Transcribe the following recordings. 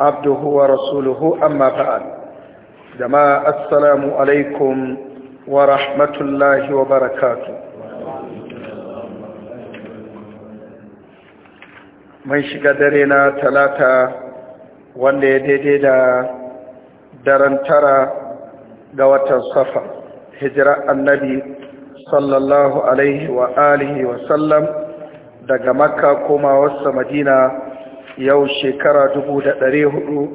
عبده Jama'a, assalamu alaikum wa rahmatullahi wa barakatu. الله shiga dare na Talata wanda ya daidai da daren tara ga watan safa hijira annabi sallallahu alaihi wa alihi wa sallam daga makka koma wasa madina yau shekara dubu da hudu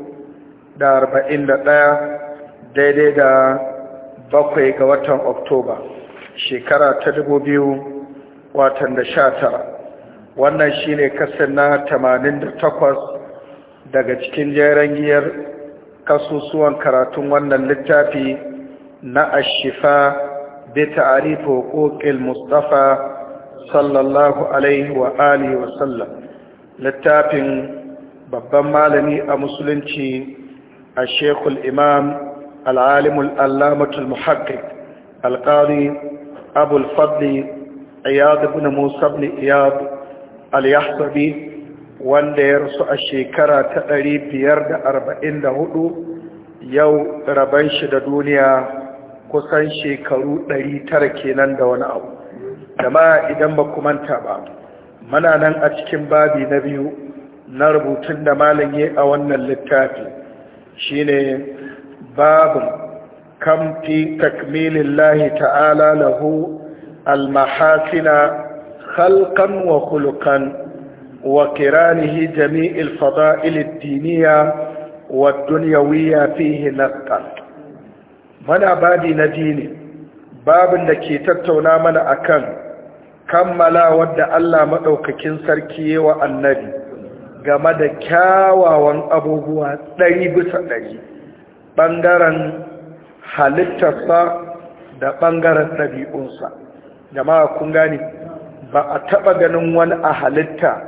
da arba'in da ɗaya daidai da bakwai ga watan oktoba shekara ta dubu biyu watan da sha tara wannan shi ne kasar na tamanin da takwas daga cikin jeren giyar kasusuwan karatun wannan littafi na ashifa bita arifa hukukil mustafa sallallahu alaihi wa alihi wasallam littafin babban malami a musulunci a shekul imam al'alimul allamatul muhakkik alƙari abul fadli iyad musa ibn iyad al-yahsabi wanda ya rasu a shekara ta ɗari biyar da arba'in da hudu, yau rabon shi da duniya kusan shekaru ɗari tara kenan da wani abu da ma idan ba kumanta ba muna nan a cikin babi na biyu na rubutun da malam a wannan littafi shine babu kamfi takmilin takmilillahi ta'ala lahu almahasina khalqan wa khuluqan wa kiranihi jami'il fada'il ad-diniyya wa dunyawiyya fihi naqal mana babi na dini babin da ke tattauna mana akan kammala wadda Allah maɗaukakin sarki yawa annabi game da kyawawan abubuwa ɗari bisa ɗari ɓangaren halittarsa da ɓangaren ɗabi'unsa jama'a kun gani ba a taɓa ganin wani a halitta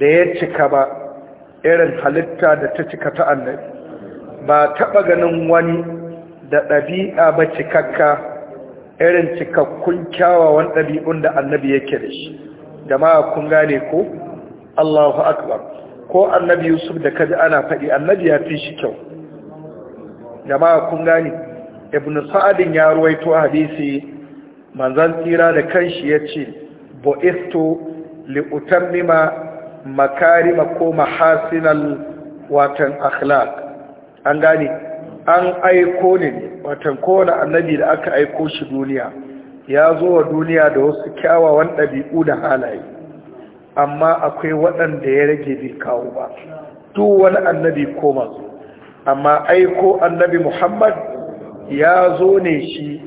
da ya cika ba irin halitta da ta cika ta annabi ba taɓa ganin wani da ɗabi'a ba cikakka irin cikakkun kyawawan ɗabi'un da annabi yake da shi jama'a kun gane ko Allahu akbar ko annabi Yusuf da kaji ana faɗi annabi ya fi shi kyau jama'a kun gane ibn sa'adin ya ruwaito hadisi manzon tsira da kan kanshi ya ce li utammima makarima ko mahasinal watan akhlaq an gane an aiko ne watan kowane annabi da aka aiko shi duniya ya zo wa duniya da wasu kyawawan ɗabi'u da halaye amma akwai waɗanda ya rage bai kawo ba duk wani annabi koma amma aiko annabi muhammad ya zo ne shi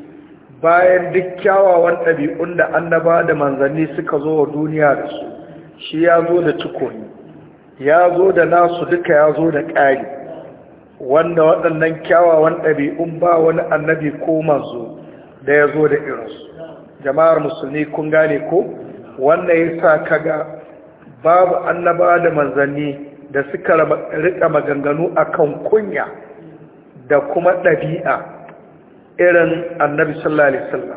bayan duk kyawawan ɗabi'un da annaba da manzanni suka zo wa duniya da su shi ya zo da cikoni ya zo da nasu duka ya zo da ƙari wanda waɗannan kyawawan ɗabi'un ba wani annabi ko manzo da ya zo da irinsu jama'ar musulmi kun gane ko wanda ya sa kaga babu annaba da manzanni da suka rika maganganu akan kunya da kuma ɗabi'a irin annabi sallallahu alaihi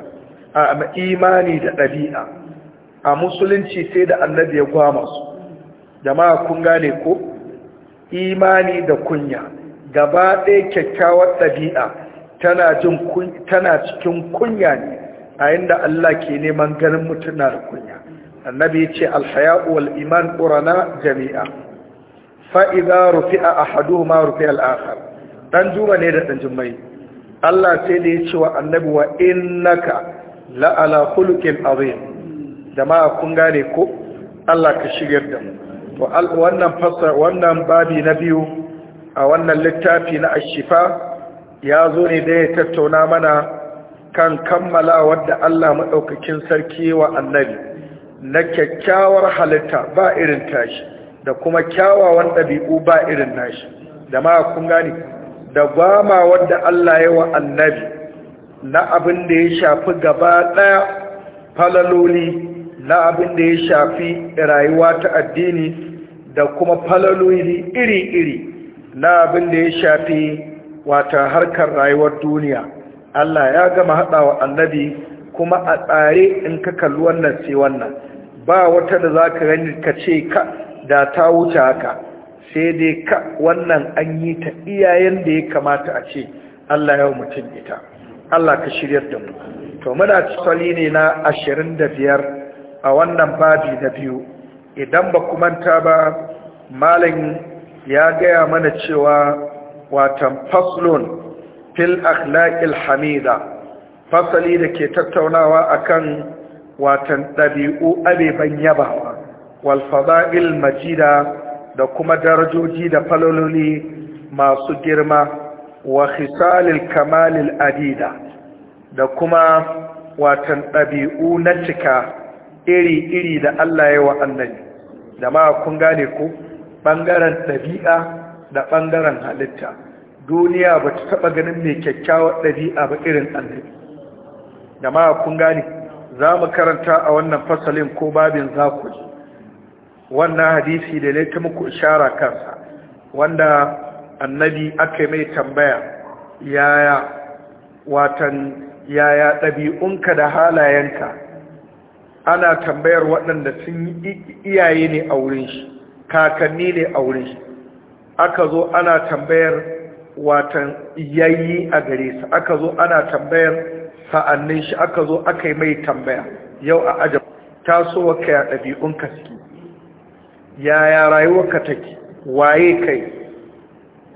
a imani da ɗabi'a a musulunci sai da annabi ya gwama jama'a kun gane ko imani da kunya gaba ɗaya kyakkyawar ɗabi'a tana cikin kunya ne a inda Allah ke neman ganin mutum na da kunya annabi ce alhaya'u wal iman qurana jami'a Fa'iza rufi'a a rufi'a ma rufi'a al-akhar dan juma ne da dan jummai Allah sai da ya ce wa annabi wa innaka la ala khuluqin azim jama'a kun gane ko Allah ka shigar da mu wannan babi na biyu a wannan littafi na ashifa ya zo ne da ya tattauna mana kan kammala wadda Allah maɗaukakin sarki wa annabi na kyakkyawar halitta ba irin tashi da kuma kyawawan ɗabi'u ba irin nashi da ma kun gani da gwama wadda Allah ya wa annabi na abin da ya shafi gaba ɗaya falaloli na abin da ya shafi rayuwa ta addini da kuma falaloli iri-iri na abin da ya shafi wata harkar rayuwar duniya Allah ya gama wa annabi kuma a tsare in ka kalli wannan sai wannan ba wata da za ka gani ka ce ka da ta wuce haka sai dai ka wannan an yi ta iyayen da ya kamata a ce Allah ya mutum ita Allah ka shiryar da mu to muna tsali ne na ashirin da biyar a wannan babi na biyu idan ba kumanta ba malin ya gaya mana cewa watan faslun fil akhlaqil hamida fasali da ke tattaunawa akan watan ɗabi'u abeban yabawa wal fada'il majida da kuma darajoji da falololi masu girma wa khisalil kamalil adida da kuma watan ɗabi'u na cika iri-iri da Allah ya wa jama'a kun gane ku ɓangaren ɗabi'a da bangaren halitta duniya ba ta taɓa ganin mai kyakkyawar ɗabi'a ba irin annabi da ma kun gane za mu karanta a wannan fasalin ko babin zakuji wannan hadisi da ne ta muku ishara kansa wanda annabi aka mai tambaya yaya watan yaya ɗabi'unka da halayenka ana tambayar waɗanda sun yi iyaye ne a wurin shi kakanni ne a wurin shi aka zo ana tambayar watan yayi a gare sa aka zo ana tambayar sa'annin shi aka zo aka yi mai tambaya yau a ajab tasowa ka ya ɗabi'unka suke yaya take waye kai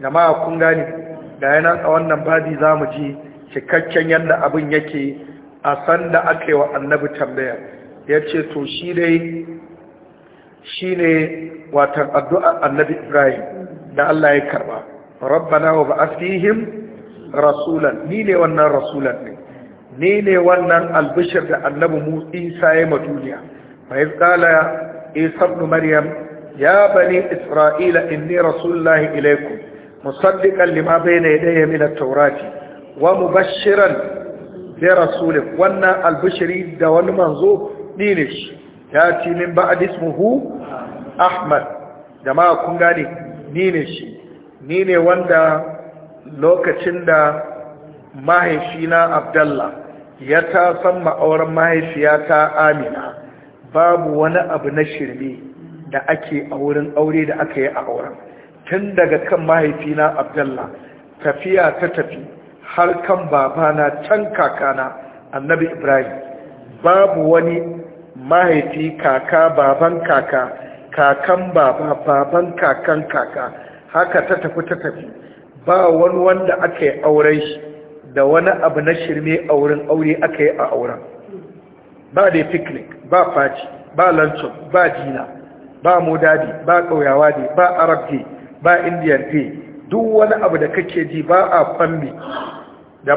jama'a kun gane da yana a wannan babi za mu ji cikakken yadda abin yake a sanda aka yi wa annabi tambaya ya ce to shi dai shine watan addu'a annabi Ibrahim da Allah ya karba rabbana wa ba'ath fihim rasulan ni ne wannan rasulan ne ni ne wannan albishir da annabi Musa Isa ya duniya mai iz Isa Maryam ya bani Isra'ila inni rasulullahi ilaykum musaddiqan lima na yadayya min at-taurati wa mubashiran bi rasulin wannan albishiri da wani manzo ni ne shi ya ci min ba'ad hu? ahmad jama'a kun gane ni ne shi ni ne wanda lokacin da mahaifina abdallah ya ta san ma'auren mahaifiyata amina babu wani abu na shirme da ake a wurin aure da aka yi a auren tun daga kan mahaifina abdallah tafiya ta tafi har kan babana can kakana annabi ibrahim babu wani mahaifi kaka baban kaka kakan baba baban kakan kaka haka ta tafi ta tafi ba wani wanda aka yi auren shi da wani abu na shirme a wurin aure aka yi a auren ba dai picnic ba faci ba lantun ba dina ba modadi ba kauyawa ne ba arab ne ba indian ne duk wani abu da kake ji ba a fambi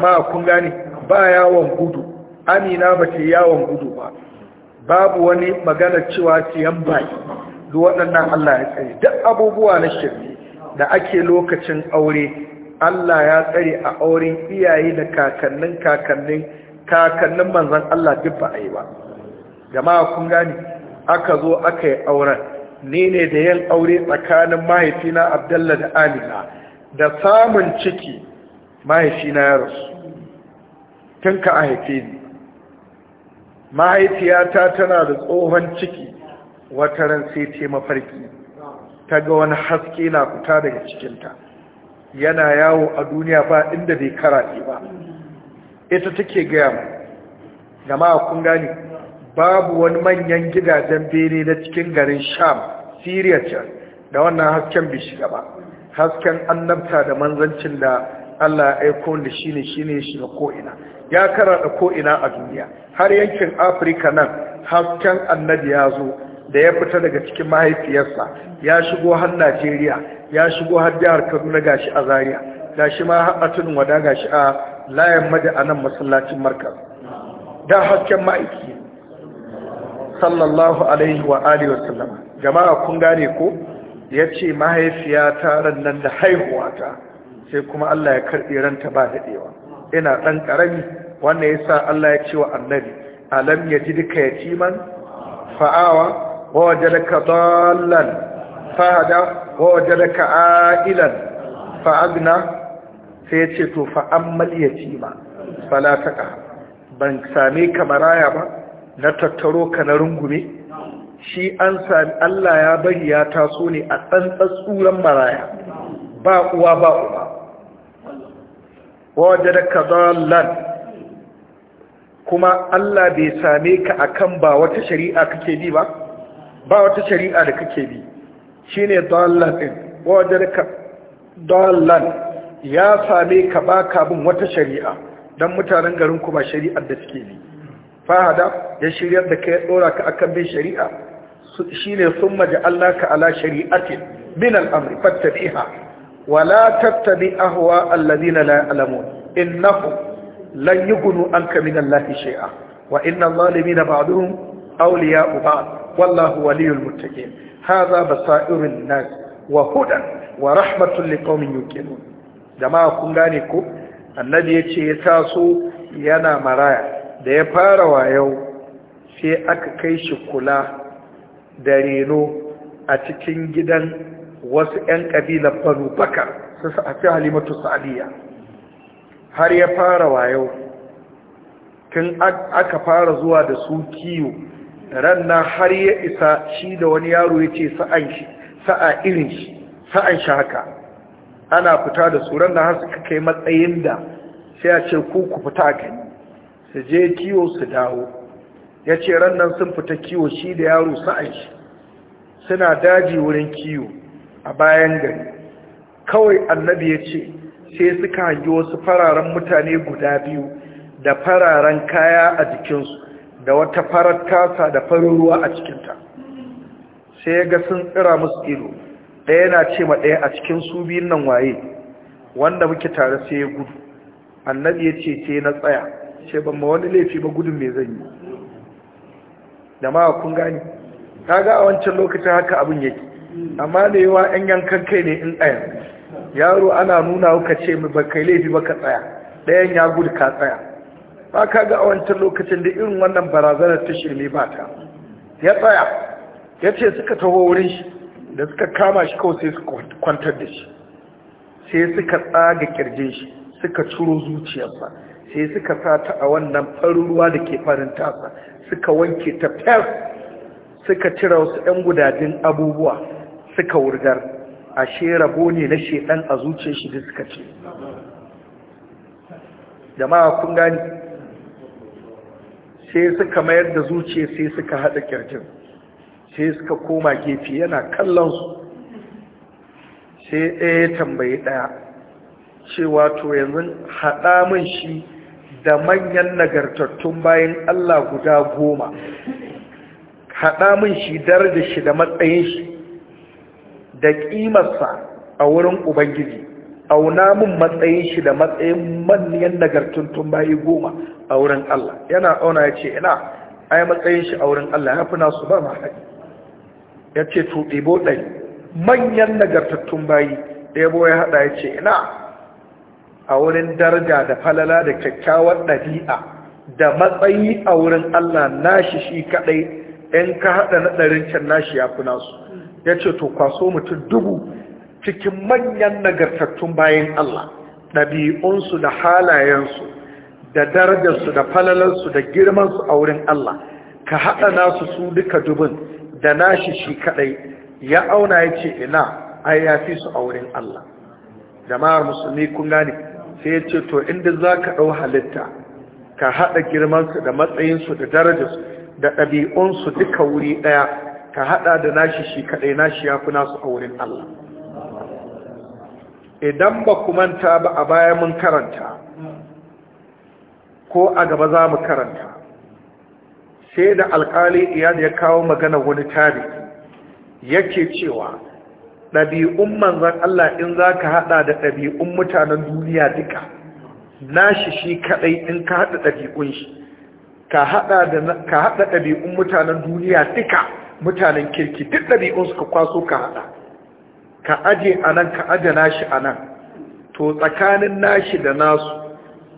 ma kun gani ba yawon gudu amina ba ce yawon gudu ba babu wani magana cewa siyan baki duk waɗannan Allah ya tsare duk abubuwa na shirme da ake lokacin aure Allah ya tsare a auren iyaye da kakannin kakannin kakannin manzon Allah duk ba a yi ba jama'a kun gani aka zo aka yi auren ni ne da yin aure tsakanin mahaifina Abdalla da Amina da samun ciki mahaifina ya rasu tun ka a haife ni mahaifiyata tana da tsohon ciki wata ran sai ta mafarki ta ga wani haske na fita daga cikinta yana yawo a duniya ba inda bai karaɗe ba ita take gaya mu gama kun gani babu wani manyan gidajen bene na cikin garin sham siriya da wannan hasken bai shiga ba hasken annabta da manzancin da Allah ya aiko da shi ne shi ne shi ga ko'ina ya karaɗa ko'ina a duniya har yankin afirka nan hasken annabi ya zo da ya fita daga cikin mahaifiyarsa ya shigo har najeriya ya shigo har jihar kaduna gashi a zaria gashi ma har tudun wada gashi a layan maji a nan masallacin markaz da hasken ma'aiki sallallahu alaihi wa alihi jama'a kun gane ko ya ce mahaifiya ta nan da haihuwa ta. sai kuma Allah ya karɓi ranta ba daɗewa ina ɗan ƙarami wannan ya sa Allah ya ce wa annabi alam ya ji duka man. fa'awa wa waje ka zallan. fahada wa waje ka ailan fa'agna sai ya ce to fa'ammal ci ma ta ban same ka maraya ba na tattaro ka na rungume shi an sami Allah ya bari ya taso ne a tsantsar tsuran maraya ba uwa ba uba wajen da kazallan kuma Allah bai same ka akan ba wata shari'a kake bi ba ba wata shari'a da kake bi Shi ne shine ɗin, wadda wajen ka dallan ya same ka ba ka bin wata shari'a don mutanen garin ku ba shari'ar da suke bi fahada ya shirya da ka ya ɗora ka akan bin shari'a shi ne sun maji Allah ka ala shari'atin bin al'amri fattabiha wala tattabi ahwa allazina la ya'lamun innahum lan yughnu anka min Allah shay'a wa inna adh-dhalimina ba'dhum awliya'u uba? wallahu waliyyul muttaqin hadha basairun nas wa hudan wa rahmatun liƙomin yuqinun jama'a kun gane ko annabi yace ya taso yana maraya da ya fara yau sai aka kai shi kula da reno a cikin gidan wasu 'yan ƙabilar banu baka su sa'afi halimatu sa'adiyya har ya fara wayo tun aka fara zuwa da su kiyo ranna har ya isa shi da wani yaro ya ce sa'a irin shi sa'an shi haka ana fita da su ranna har suka kai matsayin da sai a ce ku ku fita gani su je kiyo su dawo ya ce rannan sun fita kiwo shi da yaro sa'an suna daji wurin kiwo a bayan gari kawai annabi ya ce sai suka hangi wasu fararen mutane guda biyu da fararen kaya a jikinsu da wata farar tasa da farin ruwa a cikinta sai ya ga sun tsira musu ido ɗaya na ce ma ɗaya a cikin su biyun nan waye wanda muke tare sai ya gudu annabi ya ce sai na tsaya ce ban ma wani laifi ba gudun mai zan yi da ma kun gani kaga a wancan lokacin haka abin yake amma da yawa yan yankan kai ne in ɗaya yaro ana nuna ka ce mai bakai laifi ba ka tsaya ɗayan ya gudu ka tsaya ba ka ga a wancan lokacin da irin wannan barazanar ta shirme ba ta ya tsaya ya ce suka taho wurin shi da suka kama shi kawai sai suka kwantar da shi sai suka tsaga kirjin shi suka ciro zuciyarsa sai suka sata a wannan farin da ke farin tasa suka wanke ta fes suka cire wasu 'yan gudajen abubuwa suka wurgar ashe rabo ne na shedan a zuce shi da suka ce jama'a kun gani sai suka mayar da zuce sai suka haɗa kirjin sai suka koma gefe yana kallon su sai ɗaya tambayi ɗaya cewa to yanzu haɗa min shi da manyan nagartattun bayan Allah guda goma haɗa min shi da shi da matsayin shi da ƙimarsa a wurin ubangiji auna min matsayin shi da matsayin manyan nagartattun bayi goma a wurin Allah yana auna ya ce ina ai matsayin shi a wurin Allah ya fi nasu ba ma haɗi ya ce tuɗe bo ɗari manyan nagartattun bayi ɗaya ya haɗa ya ce ina a wurin daraja da falala da kyakkyawar ɗabi'a da matsayi a wurin Allah nashi shi kaɗai in ka haɗa na ɗarin can nashi ya fi nasu ya ce to kwaso mutum dubu cikin manyan nagartattun bayan Allah ɗabi'unsu da halayensu da darajarsu da falalarsu da girmansu a wurin Allah ka haɗa nasu su duka dubin da nashi shi kaɗai ya auna ya ce ina ai ya fi su a wurin Allah jama'ar musulmi kun gane sai ya ce to inda za ka ɗau halitta ka haɗa girmansu da matsayinsu da darajarsu da ɗabi'unsu duka wuri ɗaya ka haɗa da nashi shi kaɗai nashi ya fi nasu a wurin Allah idan ba ku manta ba a baya mun karanta ko a gaba za mu karanta sai da alƙali iyali ya kawo magana wani tarihi yake cewa ɗabi'un manzan Allah in za ka haɗa da ɗabi'un mutanen duniya duka nashi shi kaɗai in ka haɗa ɗabi'un shi ka haɗa ɗabi'un mutanen duniya duka mutanen kirki duk ɗabi'un suka kwaso ka haɗa ka aje a nan ka aje nashi a nan to tsakanin nashi da nasu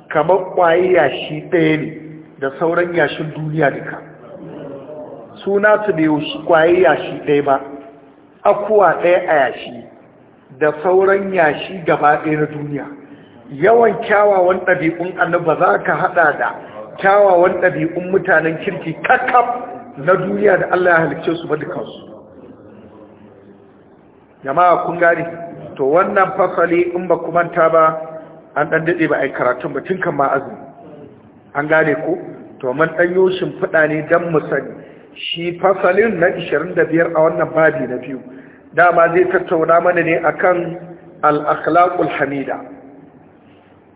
kamar ƙwaye yashi ɗaya ne da sauran yashin duniya duka suna su bai ƙwaye yashi ɗaya ba akuwa ɗaya a yashi da sauran yashi gaba ɗaya na duniya yawan kyawawan ɗabi'un annabi ba za ka haɗa da kyawawan ɗabi'un mutanen kirki kakaf na duniya da Allah ya halicce su ba dukansu jama'a kun gane to wannan fasali in ba ku manta ba an ɗan daɗe ba a yi karatun ba tun kan ma azumi an gane ko to mun ɗan yoshin ne don mu sani shi fasalin na 25 a wannan babi na biyu dama zai tattauna mana ne akan kan akhlaqul hamida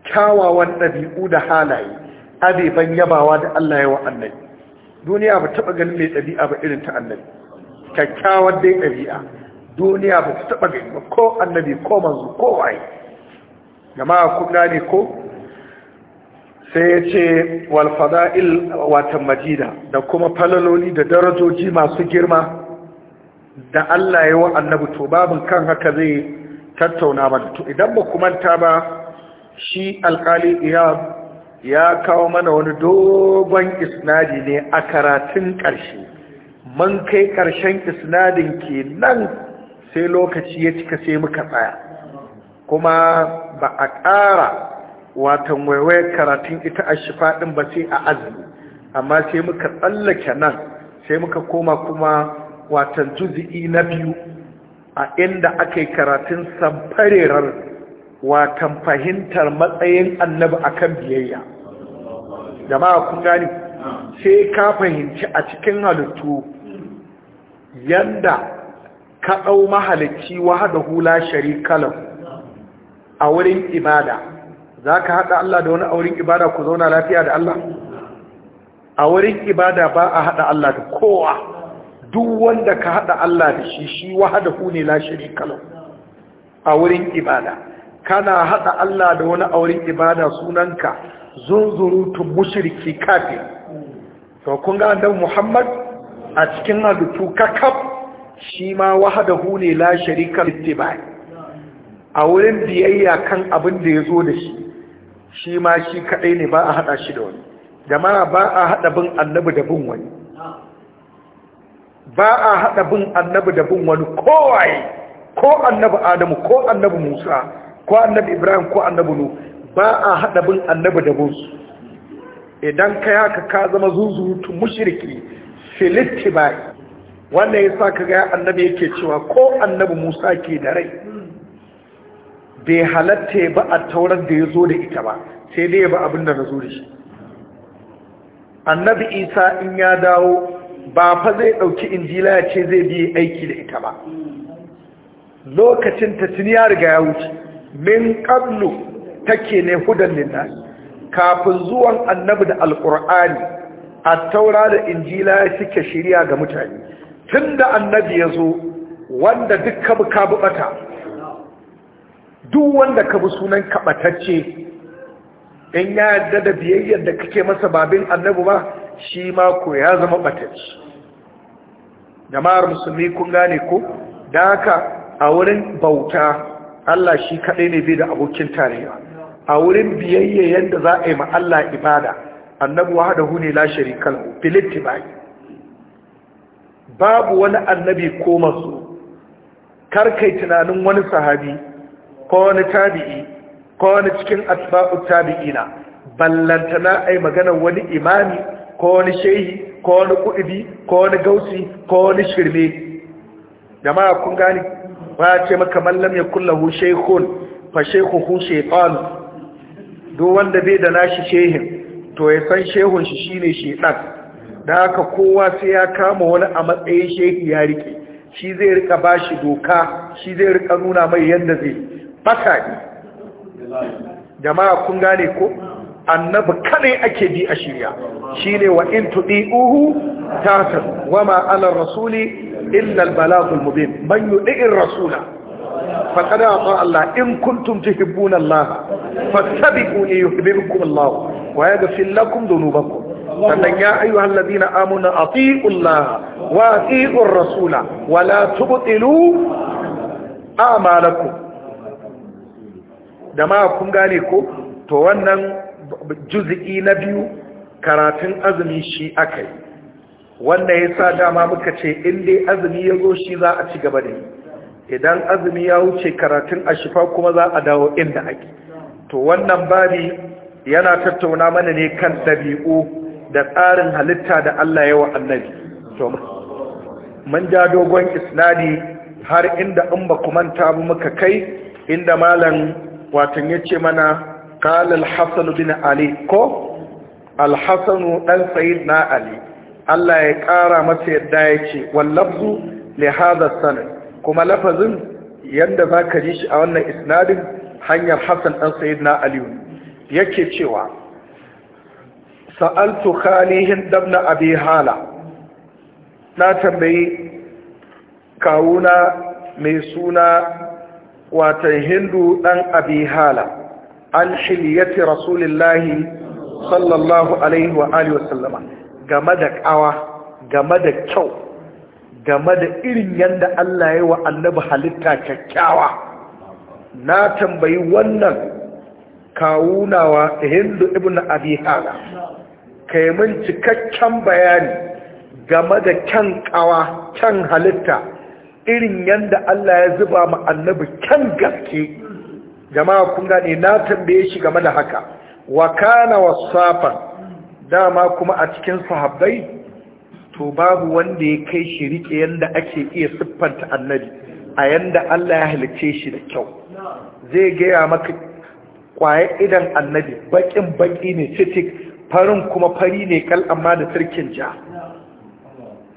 kyawawan ɗabi'u da halaye abeban yabawa da Allah ya wa annabi duniya ba taɓa ganin mai ɗabi'a ba irin ta annabi kyakkyawar dai ɗabi'a duniya ba taɓa gani ba ko annabi ko manzo ko waye jama'a ku gane ko sai ya ce walfada'il watan majida da kuma falaloli da darajoji masu girma da Allah ya wa annabi to babin kan haka zai tattauna mana to idan ba manta ba shi alkali iyab ya kawo mana wani dogon isnadi ne a karatun ƙarshe man kai ƙarshen isnadin ke nan sai lokaci ya cika sai muka tsaya kuma ba a ƙara watan waiwaye karatun ita a shifa ɗin ba sai a azumi amma sai muka tsallake nan sai muka koma kuma watan juzi'i na biyu a inda aka yi karatun samfarerar watan fahimtar matsayin annabi a kan biyayya jama'a kun gani sai ka fahimci a cikin halittu yanda ka ɗau mahalicci wa wahada hula shari'a kala a wurin ibada za ka haɗa Allah da wani wurin ibada ku zauna lafiya da Allah a wurin ibada ba a haɗa Allah da kowa duk wanda ka haɗa Allah da shi shi wahada ku ne la sharika a wurin ibada kana haɗa Allah da wani wurin ibada sunanka zunzurutun mushriki kafin? to kun ga annabi Muhammad a cikin halittu kakab shi ma ku ne la sharika littibai a wurin biyayya kan abin da ya zo da shi shi ma shi kadai ne ba a hada shi da wani jama'a ba a hada bin annabi da bin wani ba a haɗa bin annabi da bin wani kowaye ko annabi adamu ko annabi musa ko annabi ibrahim ko annabi nu ba a hada bin annabi da bin su idan kai haka ka zama zuzutu mushiriki filitti bai wannan ka kaga annabi yake cewa ko annabi musa ke da rai bai halatta ba a taurar da ya zo da ita ba sai dai ba abin da na zo da shi annabi isa in ya dawo ba fa zai ɗauki injila ya ce zai biye aiki da ita ba lokacin ta tuni ya riga ya wuce min ƙablu take ne hudan linna kafin zuwan annabi da alƙur'ani a taura da injila ya suke shirya ga mutane tun da annabi ya zo wanda duk ka kabu duk wanda ka bi sunan kaɓatacce in ya yarda da biyayyar da kake masa babin annabu ba shi ma ko ya zama ɓatacce jama'ar musulmi kun gane ko da haka a wurin bauta Allah shi kaɗai ne bai da abokin tarayya a wurin biyayya yadda za a yi ma Allah ibada annabi haɗa ne la sharika lahu bil babu wani annabi ko masu karkai tunanin wani sahabi ko wani tabi'i ko wani cikin asba'u tabi'ina ballantana ai magana wani imami ko wani shehi ko wani kudubi ko wani gausi ko wani shirme jama'a kun gani ba ya ce maka mallam ya kullahu shaykhun fa shaykhuhu shaytan duk wanda bai da nashi shehin to ya san shehun shi shine shaytan da haka kowa sai ya kama wani a matsayin shehi ya rike shi zai rika bashi doka shi zai rika nuna mai yadda zai fasadi jama'a kun gane ko annabi kadai ake bi a shirya shine wa in tudiuhu tasir wama ala rasuli illa albalagul mubin man yudi'ir rasula faqad ata Allah in kuntum tuhibbuna Allah fattabi'uni yuhibbukum Allah wa yaghfir lakum dhunubakum sannan ya ayyuhal ladina amanu atiiu Allah wa atiiu ar-rasula wa la tubtilu a'malakum da ma kun gane ko to wannan juzi'i na biyu karatun azumi shi aka yi wanda ya sa dama muka ce in dai azumi ya zo shi za a ci gaba da idan azumi ya wuce karatun ashifa kuma za a dawo inda ake to wannan babi yana tattauna mana ne kan dabi'u da tsarin halitta da Allah ya wa annabi to mun ja dogon isnadi har inda in ba manta muka kai inda malam watan ya ce mana kalal hassanu bin ali ko alhassanu dan sayid na ali Allah ya ƙara masa yadda ya ce wallabzu le hadha sanad kuma lafazin za ka ji shi a wannan isnadin hanyar Hassan dan sayid na ali yake cewa sa'altu khalihin dabna abi hala na tambayi kawuna mai suna watan hindu ɗan abi hala an shiliyati rasulillahi sallallahu alaihi wa alihi wasallama game da ƙawa game da kyau game da irin yadda Allah ya yi wa annabi halitta kyakkyawa na tambayi wannan kawunawa hindu ibn abi hala kai min cikakken bayani game da kyan ƙawa kyan halitta irin yadda Allah ya zuba ma annabi kan gaske jama'a kun gane na tambaye shi game da haka wa kana wasafan dama kuma a cikin sahabbai to babu wanda ya kai shi rike yadda ake iya siffanta annabi a yadda Allah ya halice shi da kyau zai gaya maka kwaye idan annabi bakin baki ne citik farin kuma fari ne kal amma da sirkin ja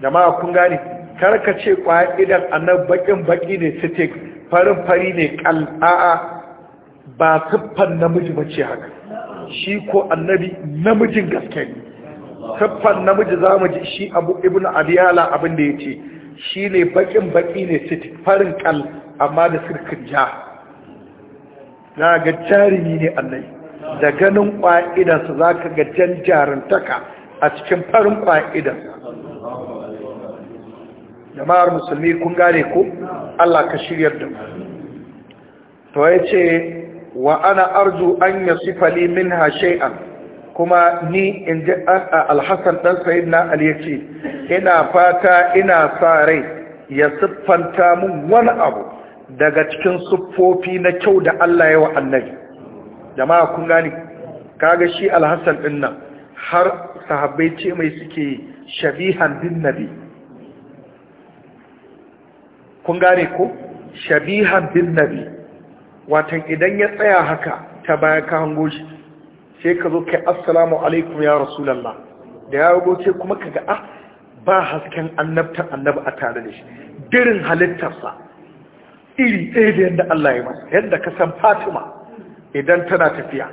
jama'a kun gane karka ce ƙwa'idan nan baƙin baƙi ne sitik farin fari ne kal'a'a ba siffan namiji ba ce haka shi ko annabi namijin gaske ne siffan namiji za mu ji shi abu ibn abiyala abin da ya ce shi ne baƙin baƙi ne sitik farin kal amma da sirkin ja za ga jarumi ne annabi da ganin ƙwa'idansa za ka ga jan jarintaka a cikin farin ƙwa'idansa jama'ar musulmi kun gane ku Allah ka shiryar da mu to ce wa ana arju an sifali min ha shay'an kuma ni in ji alhassan dan na ali yace ina fata ina sa rai ya siffanta mun wani abu daga cikin siffofi na kyau da Allah ya wa annabi jama'a kun gane kaga shi alhassan ɗin nan har sahabbai ce mai suke shabihan bin nabi kun gane ko shabihan bin nabi watan idan ya tsaya haka ta baya ka hango shi sai ka zo kai assalamu alaikum ya rasulallah da ya rago ce kuma kaga ah ba hasken annabta annabi a tare da shi dirin halittarsa iri ɗaya da yadda Allah ya masa yadda ka san Fatima idan tana tafiya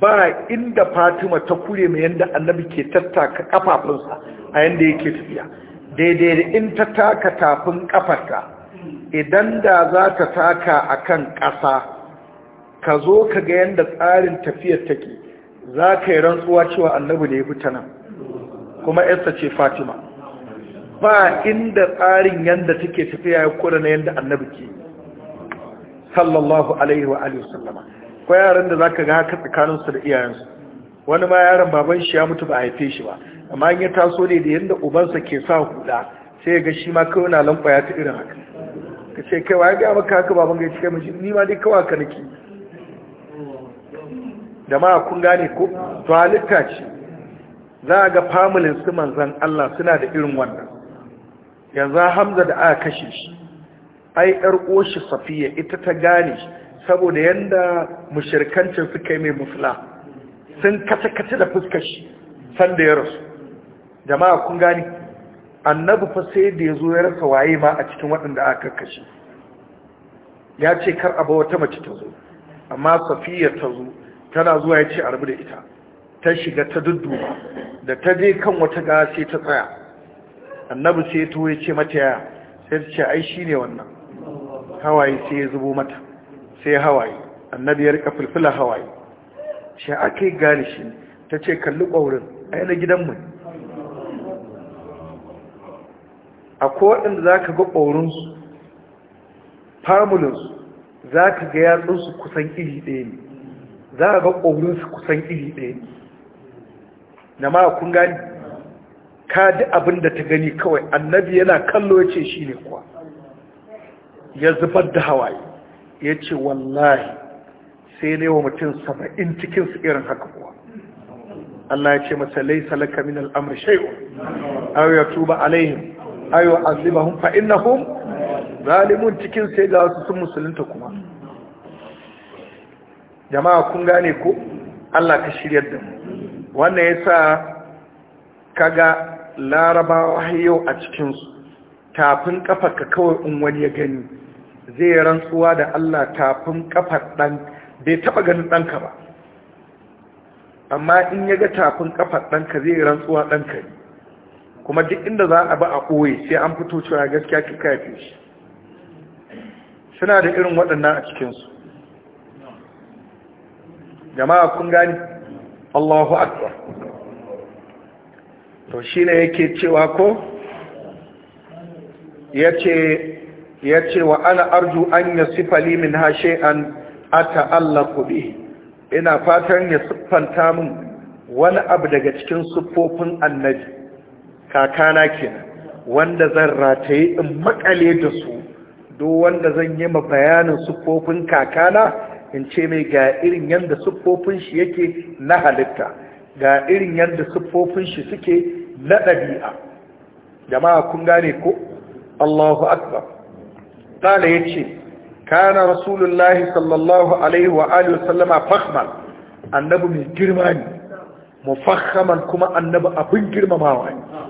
ba inda Fatima ta kure mai yadda annabi ke tattaka kafafunsa a yadda yake tafiya daidai da in ta taka tafin kafarta idan da za ta taka a kan ƙasa ka zo ka ga yadda tsarin tafiyar take za ka yi rantsuwa cewa annabi ne ya fita nan kuma yarsa ce fatima ba inda tsarin yadda take tafiya ya kura na yadda annabi ke sallallahu alaihi wa alihi sallama ko yaran da za ka ga haka tsakaninsu da iyayensu wani ma yaron baban shi ya mutu ba a haife shi ba amma in ya taso ne da yadda ubansa ke sa huda sai ya ga shi ma kawai na ya ta irin haka ka ce kai waye gaya maka haka baban gaji kai mashi ni ma dai kawa ka nake da ma kun gane ko to halitta ce za a ga familin su manzan Allah suna da irin wannan yanzu Hamza da aka kashe shi ai yar shi Safiya ita ta gane saboda yanda mushirkancin su kai mai musula sun kace-kace da fuskar shi sanda ya rasu jama'a kun gane annabi fa sai da ya zo ya rasa waye ma a cikin waɗanda aka kashe ya ce kar a ba wata mace ta zo amma safiya ta zo tana zuwa ya ce a rabu da ita ta shiga ta dudduba da ta je kan wata gara sai ta tsaya annabi sai to ya ce mata yaya sai ta ce ai shine wannan hawaye sai ya zubo mata sai hawaye annabi ya rika fulfula hawaye shi aka yi gane shi ta ce kalli ƙwaurin ai na gidan gidanmu akwai waɗanda za ka ga ɓaurinsu famulinsu za ka ga yatsunsu kusan iri ɗaya ne za ka ga ɓaurinsu kusan iri ɗaya ne na ma kun gani ka ji abin da ta gani kawai annabi yana kallo ya ce shi ne kuwa ya zubar da hawaye ya ce wallahi sai ne wa mutum saba'in cikinsu irin haka kuwa Allah ya ce masa laisa laka min al'amr shay'un aw yatuba alaihim ayo Fa'in fa innahum zalimun cikin sai ga wasu sun musulunta kuma jama'a kun gane ko Allah ka shiryar da mu wannan yasa kaga larabawa yau a cikin su tafin kafa ka kawai in wani ya gani zai rantsuwa da Allah tafin kafa dan bai taba ganin ɗanka ba amma in ya ga tafin kafar ɗanka, zai rantsuwa ɗanka ne kuma duk inda za a ba a ɓoye sai an fito cewa gaskiya ki yafe shi suna da irin waɗannan a cikinsu jama'a kun gani allahu akbar to shi ne yake cewa ko ya ce wa ana arju an ya sifali min hashe an a allah kuɗi ina fatan ya siffanta min wani abu daga cikin siffofin annabi kakana kenan wanda zan rataye in makale da su do wanda zan yi ma bayanin siffofin kakana in ce mai ga irin yadda siffofin shi yake na halitta ga irin yadda siffofin shi suke na ɗabi'a jama'a kun gane ko Allahu akbar tala yace kana rasulullahi sallallahu alaihi wa alihi wasallama fahman annabi mai girma ne fahman kuma annabi abin girmamawa ne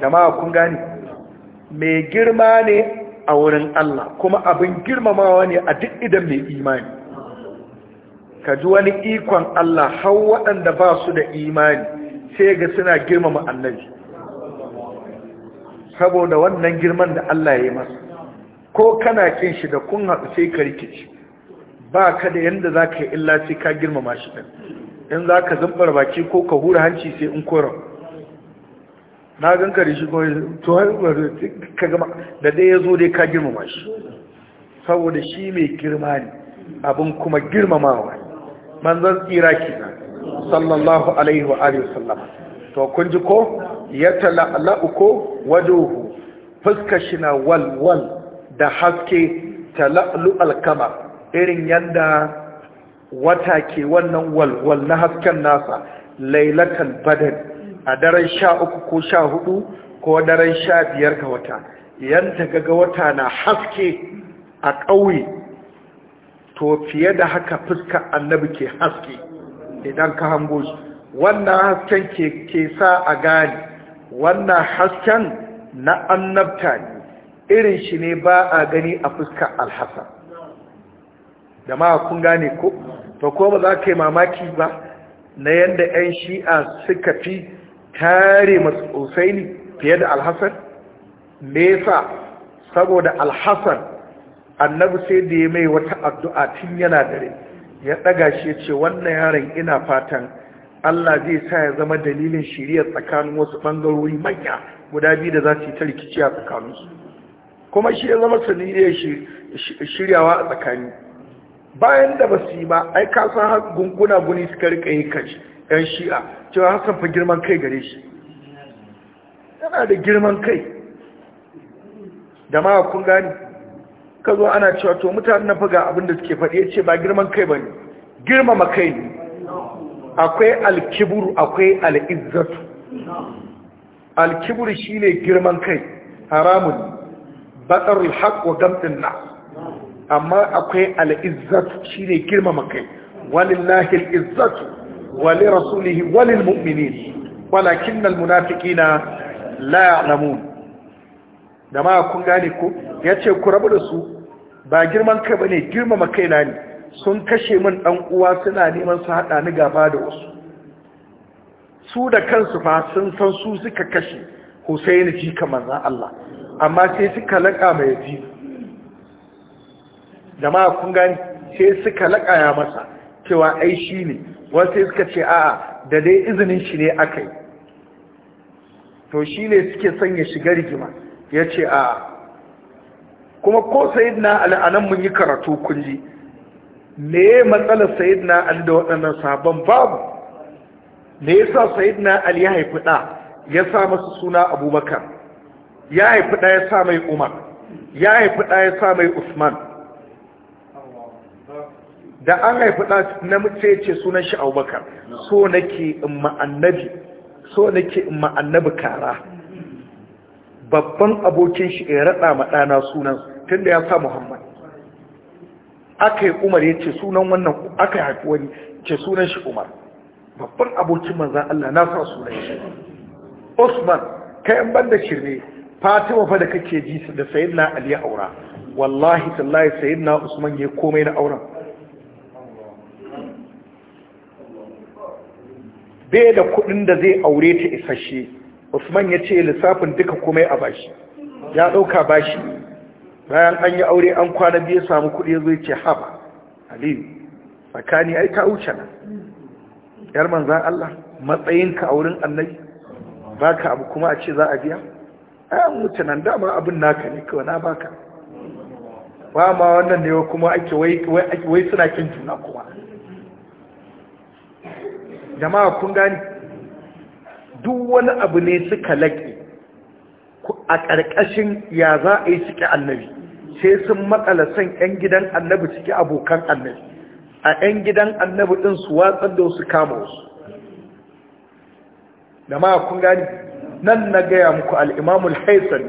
jama'a kun gane mai girma ne a wurin Allah kuma abin girmamawa ne a duk idan mai imani ka ji wani ikon Allah har waɗanda ba su da imani sai ga suna girmama annabi saboda wannan girman da Allah ya yi masa ko kana kin shi da kun haɗu sai ka rikici ba ka da yadda za ka yi illa sai ka girmama shi ɗin in za ka zumbar baki ko ka hura hanci sai in koran na ganka da shi kuma to ka gama da dai ya zo dai ka girmama shi saboda shi mai girma ne abin kuma girmamawa manzan tsira na. sallallahu alaihi wa alihi sallama to kun ji ko ya tala'la'u ko wajuhu fuskar shi na walwal da haske tala'lu alkama irin yadda wata ke wannan walwal na hasken nasa Lailatan Badan. a daren sha uku ko sha hudu ko daren sha biyar ga wata yanta gaga wata na haske a ƙauye to fiye da haka fuskar annabi ke haske idan ka hango shi wannan hasken ke sa a gane wannan hasken na annabta ne irin shi ne ba a gani a fuskar alhassan jama'a kun gane ko to ko ba za ka yi mamaki ba na yadda 'yan shi'a suka fi Tare masu Usaini fiye da Alhassan me yasa saboda Alhassan annabi sai da ya mai wata addu'a tun yana dare ya ɗaga shi ya ce wannan yaron ina fatan Allah zai sa ya zama dalilin shirya tsakanin wasu bangarori manya guda biyu da za su yi ta rikici a tsakaninsu kuma shi ya zama sanidiyar shiryawa a tsakani bayan da ba su yi ba ai kasan gunguna guni suka rika yi kaci 'yan shi'a cewa hassan fa girman kai gare shi yana da girman kai da ma kun gani ka zo ana cewa to mutanen na abin da suke faɗi ya ce ba girman kai ba ne girmama kai ne akwai alkiburu akwai al'izzatu alkiburu shi ne girman kai haramun batsar haƙ wa gamɗin na amma akwai al'izzatu shi ne girmama kai walillahi al'izzatu ولرسوله وللمؤمنين ولكن المنافقين لا يعلمون ma kun gane ko yace ku rabu da su ba girman kai bane girmama kaina ne sun kashe min dan uwa suna neman su hada ni gaba da wasu su da kansu fa sun san su suka kashe Husaini ji kamar Allah amma sai suka laka mai ji ma kun gane? sai suka laƙaya masa cewa ai shi ne wasu suka ce a'a da dai izinin shi ne aka yi to shi ne suke son ya shiga rigima ya ce a'a kuma ko sayidina al'anan mun yi karatu kunji me matsalar sayidina ali da waɗannan sabon babu me yasa sayidina ali ya haifi ɗa ya sa masu suna abubakar ya haifi ɗa ya sa mai umar ya haifi ɗa ya sa mai usman da an haifi ɗa namiji ce sunan shi abubakar so nake in ma'annabi so nake in ma'annabi kara babban abokin shi ya raɗa ma ɗana sunan tunda ya sa muhammad aka yi umar ya ce sunan wannan aka haifi wani ce sunan shi umar babban abokin manzan allah na sa sunan shi usman kai in banda shirme fatima fa da kake ji da sayyidina ali ya aura wallahi tallahi na usman ya komai na auren bai da kudin da zai aure ta isasshe usman ya ce lissafin duka komai a bashi ya dauka bashi bayan an yi aure an kwana biyu samu kudi ya zo ce haba aliyu tsakani ai ta wuce nan yar manzan Allah matsayinka a wurin annabi baka abu kuma a ce za a biya an wuce nan dama abin naka ne kawai na baka ba ma wannan ne kuma ake wai suna kin juna kuma jama'a kun gani duk wani abu ne suka laƙe a ƙarƙashin ya za a yi suke annabi sai sun matsala son 'yan gidan annabi suke abokan annabi a 'yan gidan annabi ɗin su watsar da wasu kama wasu da kun gani nan na gaya muku al'imamul haisan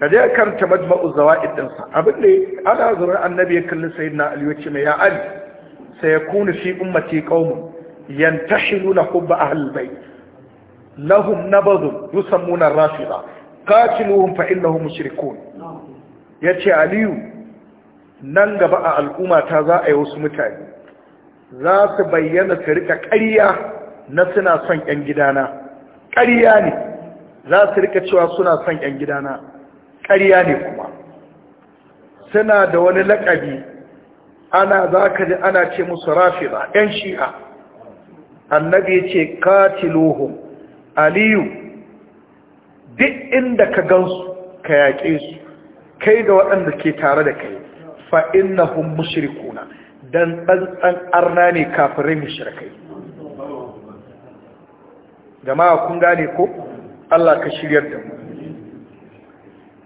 ka je karta majma'u zawa idinsa abin da ana zuwa annabi ya kalli sayyidina aliyu ce mai ya ali sai ya kunu fi ummati qaumun ينتحلون حب أهل البيت لهم نبض يسمون الرافضة قاتلوهم فإنهم مشركون يتي عليو ننقبع الأمة تزاء وسمتان ذات بيانة ركا كريا نسنا سنك انجدانا كرياني ذات ركا شوى سنا سنك انجدانا كرياني كما سنا دون لك أبي ana za ka ji ana ce musu rafida ‘yan shi'a annabi ya ce katiluhum aliyu duk inda ka gansu ka yaƙe su kai da waɗanda ke tare da kai innahum mushrikuna dan ɗanɗan arna ne kafirai mushrikai jama'a kun gane ko Allah ka shiryar da mu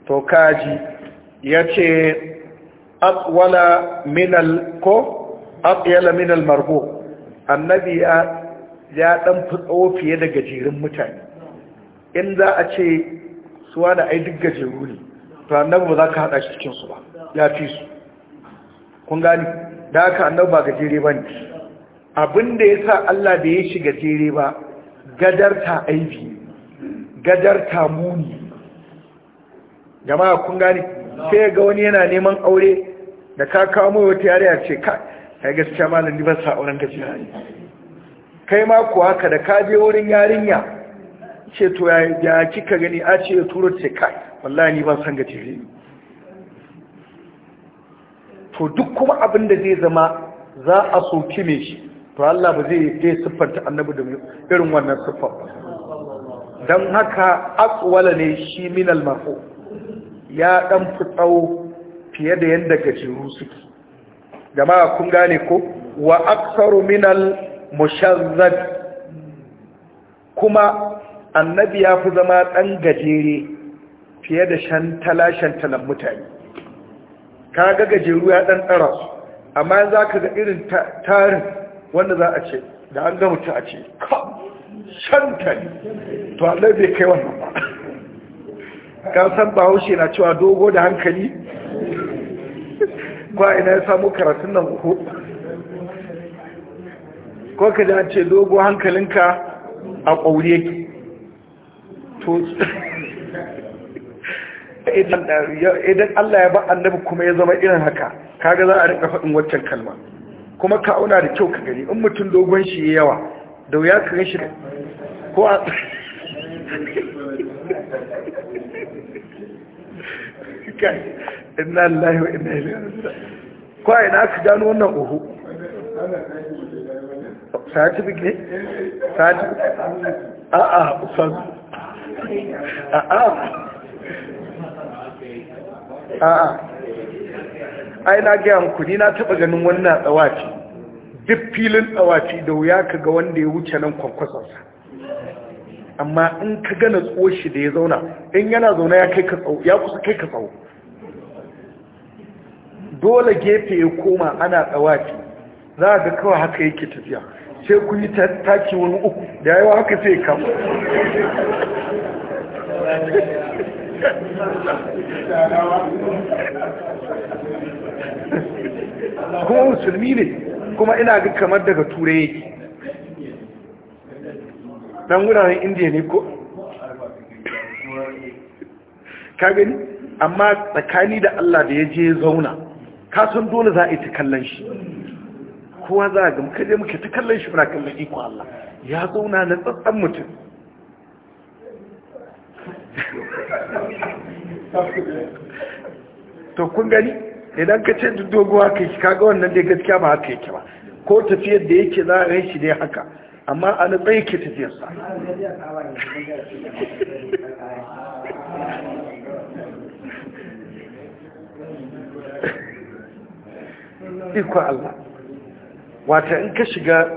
to kaji ya ce atwala minal ko atyala minal marbu annabi ya ya ɗan fi tsawo fiye da gajerun mutane in za a ce suwa da ai duk gajeru ne to annabi ba za ka haɗa shi cikinsu ba ya fi su kun gani da haka annabi ba gajere ba ne abin da ya sa Allah da ya shi gajere ba gadar ta aibi gadar ta muni jama'a kun gani sai ga wani yana neman aure da ka kawo mai wata yare a ce ka ya gaskiya malam ni ba sa auren gajiya ne kai ma kuwa ka da kaje wurin yarinya ce to ya kika gani a ce ya turo ce kai wallahi ni ban san ga to duk kuma abin da zai zama za a soki me shi to Allah ba zai yi siffanta annabi da irin wannan siffar ba dan haka aqwala ne shi minal mafu ya dan fi fiye da yadda gajeru suke jama'a kun gane ko wa min minal mushazzab kuma annabi ya fi zama ɗan gajere fiye da shantala-shantalan mutane ka ga gajeru ya ɗan ɗara amma za ka ga irin tarin wanda za a ce da an ga mutu a ce shantali to Allah bai kai wannan ba ka san bahaushe na cewa dogo da hankali kwa ina ya samu karatun nan uku ko ka dace ce dogo hankalinka a ƙauri yake to idan Allah ya ba annabi kuma ya zama irin haka kaga za a rika faɗin waccan kalma kuma ka auna da kyau ka gani in mutum dogon shi ya yawa da wuya ka gan shi ko a kai inna lillahi wa inna ilaihi Ko ko ina ka gano wannan uhu certificate certificate a'a usan a'a a'a ai na gaya muku ni na taɓa ganin wannan tsawaci duk filin tsawaci da wuya ka ga wanda ya wuce nan kwankwasarsa amma in ka gana tsuwar shi da ya zauna in yana zauna ya kusa kai ka tsawo dole gefe ya koma ana tsawaci za a ga kawai haka yake tafiya sai ku yi taki wani uku da yawa haka sai kama kuma musulmi ne kuma ina ga kamar daga turai yake dan wuraren indiya ne ko ka gani amma tsakani da allah da ya je zauna kasan dole za a yi ta kallon shi kowa za a gama kaje muke ta kallon shi muna kallon iko Allah ya zauna na tsatsan mutum to kun gani idan ka ce doguwa kai shi kaga wannan dai gaskiya ba haka yake ba ko tafiyar da yake za a rai shi dai haka amma a na tsaye ke tafiyarsa ikon Allah wata in ka shiga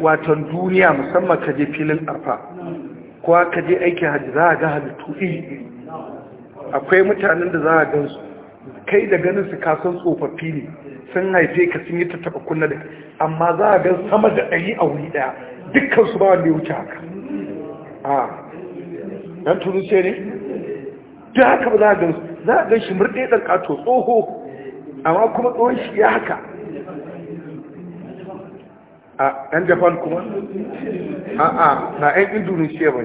watan duniya musamman ka je filin arfa ko ka je aikin hajji za a ga halittu iri akwai mutanen da za a gansu kai da ganin su kasan tsofaffi ne sun haife ka sun yi ta taɓa kunna da amma za a gan sama da ɗari a wuri ɗaya dukkan su ba wanda ya wuce haka a ɗan ce ne da haka ba za a gan su za a gan shi murɗe ɗan ƙato tsoho amma kuma tsohon shi ya haka a ɗan japan kuma a a na yan indonesia ba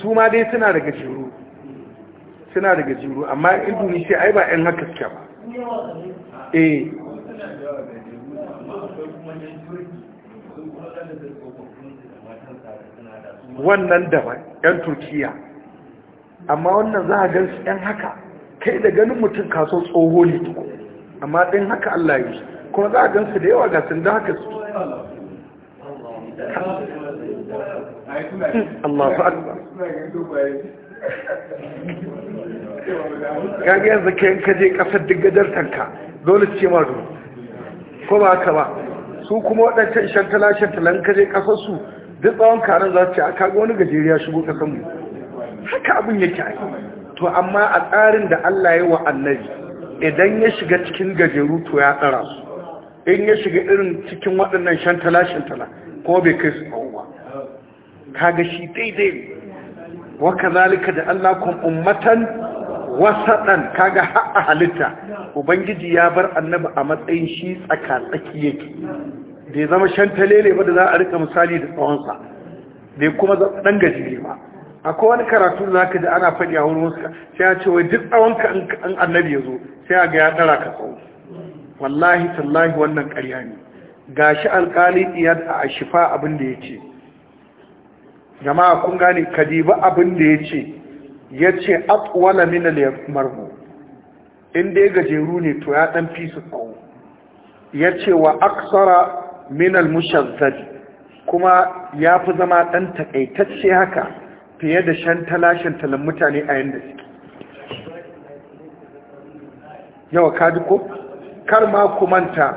su ma dai suna daga jiru suna daga jiru amma indonesia ai ba yan haka suke ba eh wannan daban yan turkiya amma wannan za a gan su ɗan haka kai da ganin mutum kaso tsoho ne amma din haka allah yi kuma za a gan su da yawa ga sun da haka su Allahu akbar kaga yanzu kayan kaje kasar duk gadar tanka? dole ce ma duk. ko ba haka ba su kuma waɗancan shantala shantalan kaje kasar su duk tsawon karen za su ce a kaga wani gajeriya shigo kasar mu haka abin yake ai to amma a tsarin da Allah ya wa annabi idan ya shiga cikin gajeru to ya tsara su in ya shiga irin cikin waɗannan shantala-shantala ko bai kai su ba Ka ga shi daidai wa kazalika da Allah kun ummatan wasaɗan ga ha'a halitta ubangiji ya bar annabi a matsayin shi tsaka-tsaki yake bai zama ne ba da za a rika misali da tsawonsa bai kuma ɗan gajere ba akwai wani karatu za ka ji ana faɗi a wurin wasu sai a ce wai duk tsawonka an annabi ya zo sai a ga ya ɗara ka tsawo wallahi tallahi wannan ƙarya ne Ga shi alƙali iyad a shifa abin da ya ce jama'a kun gane kadiba abin da ya ce ya ce atwala min ya marbu in dai gajeru ne to ya ɗan fi su tsawo ya ce wa aksara minal mushar zadi? kuma ya fi zama ɗan taƙaitacce haka fiye da shan talashin talan mutane a yanda suke yawa kaji ko kar ma ku manta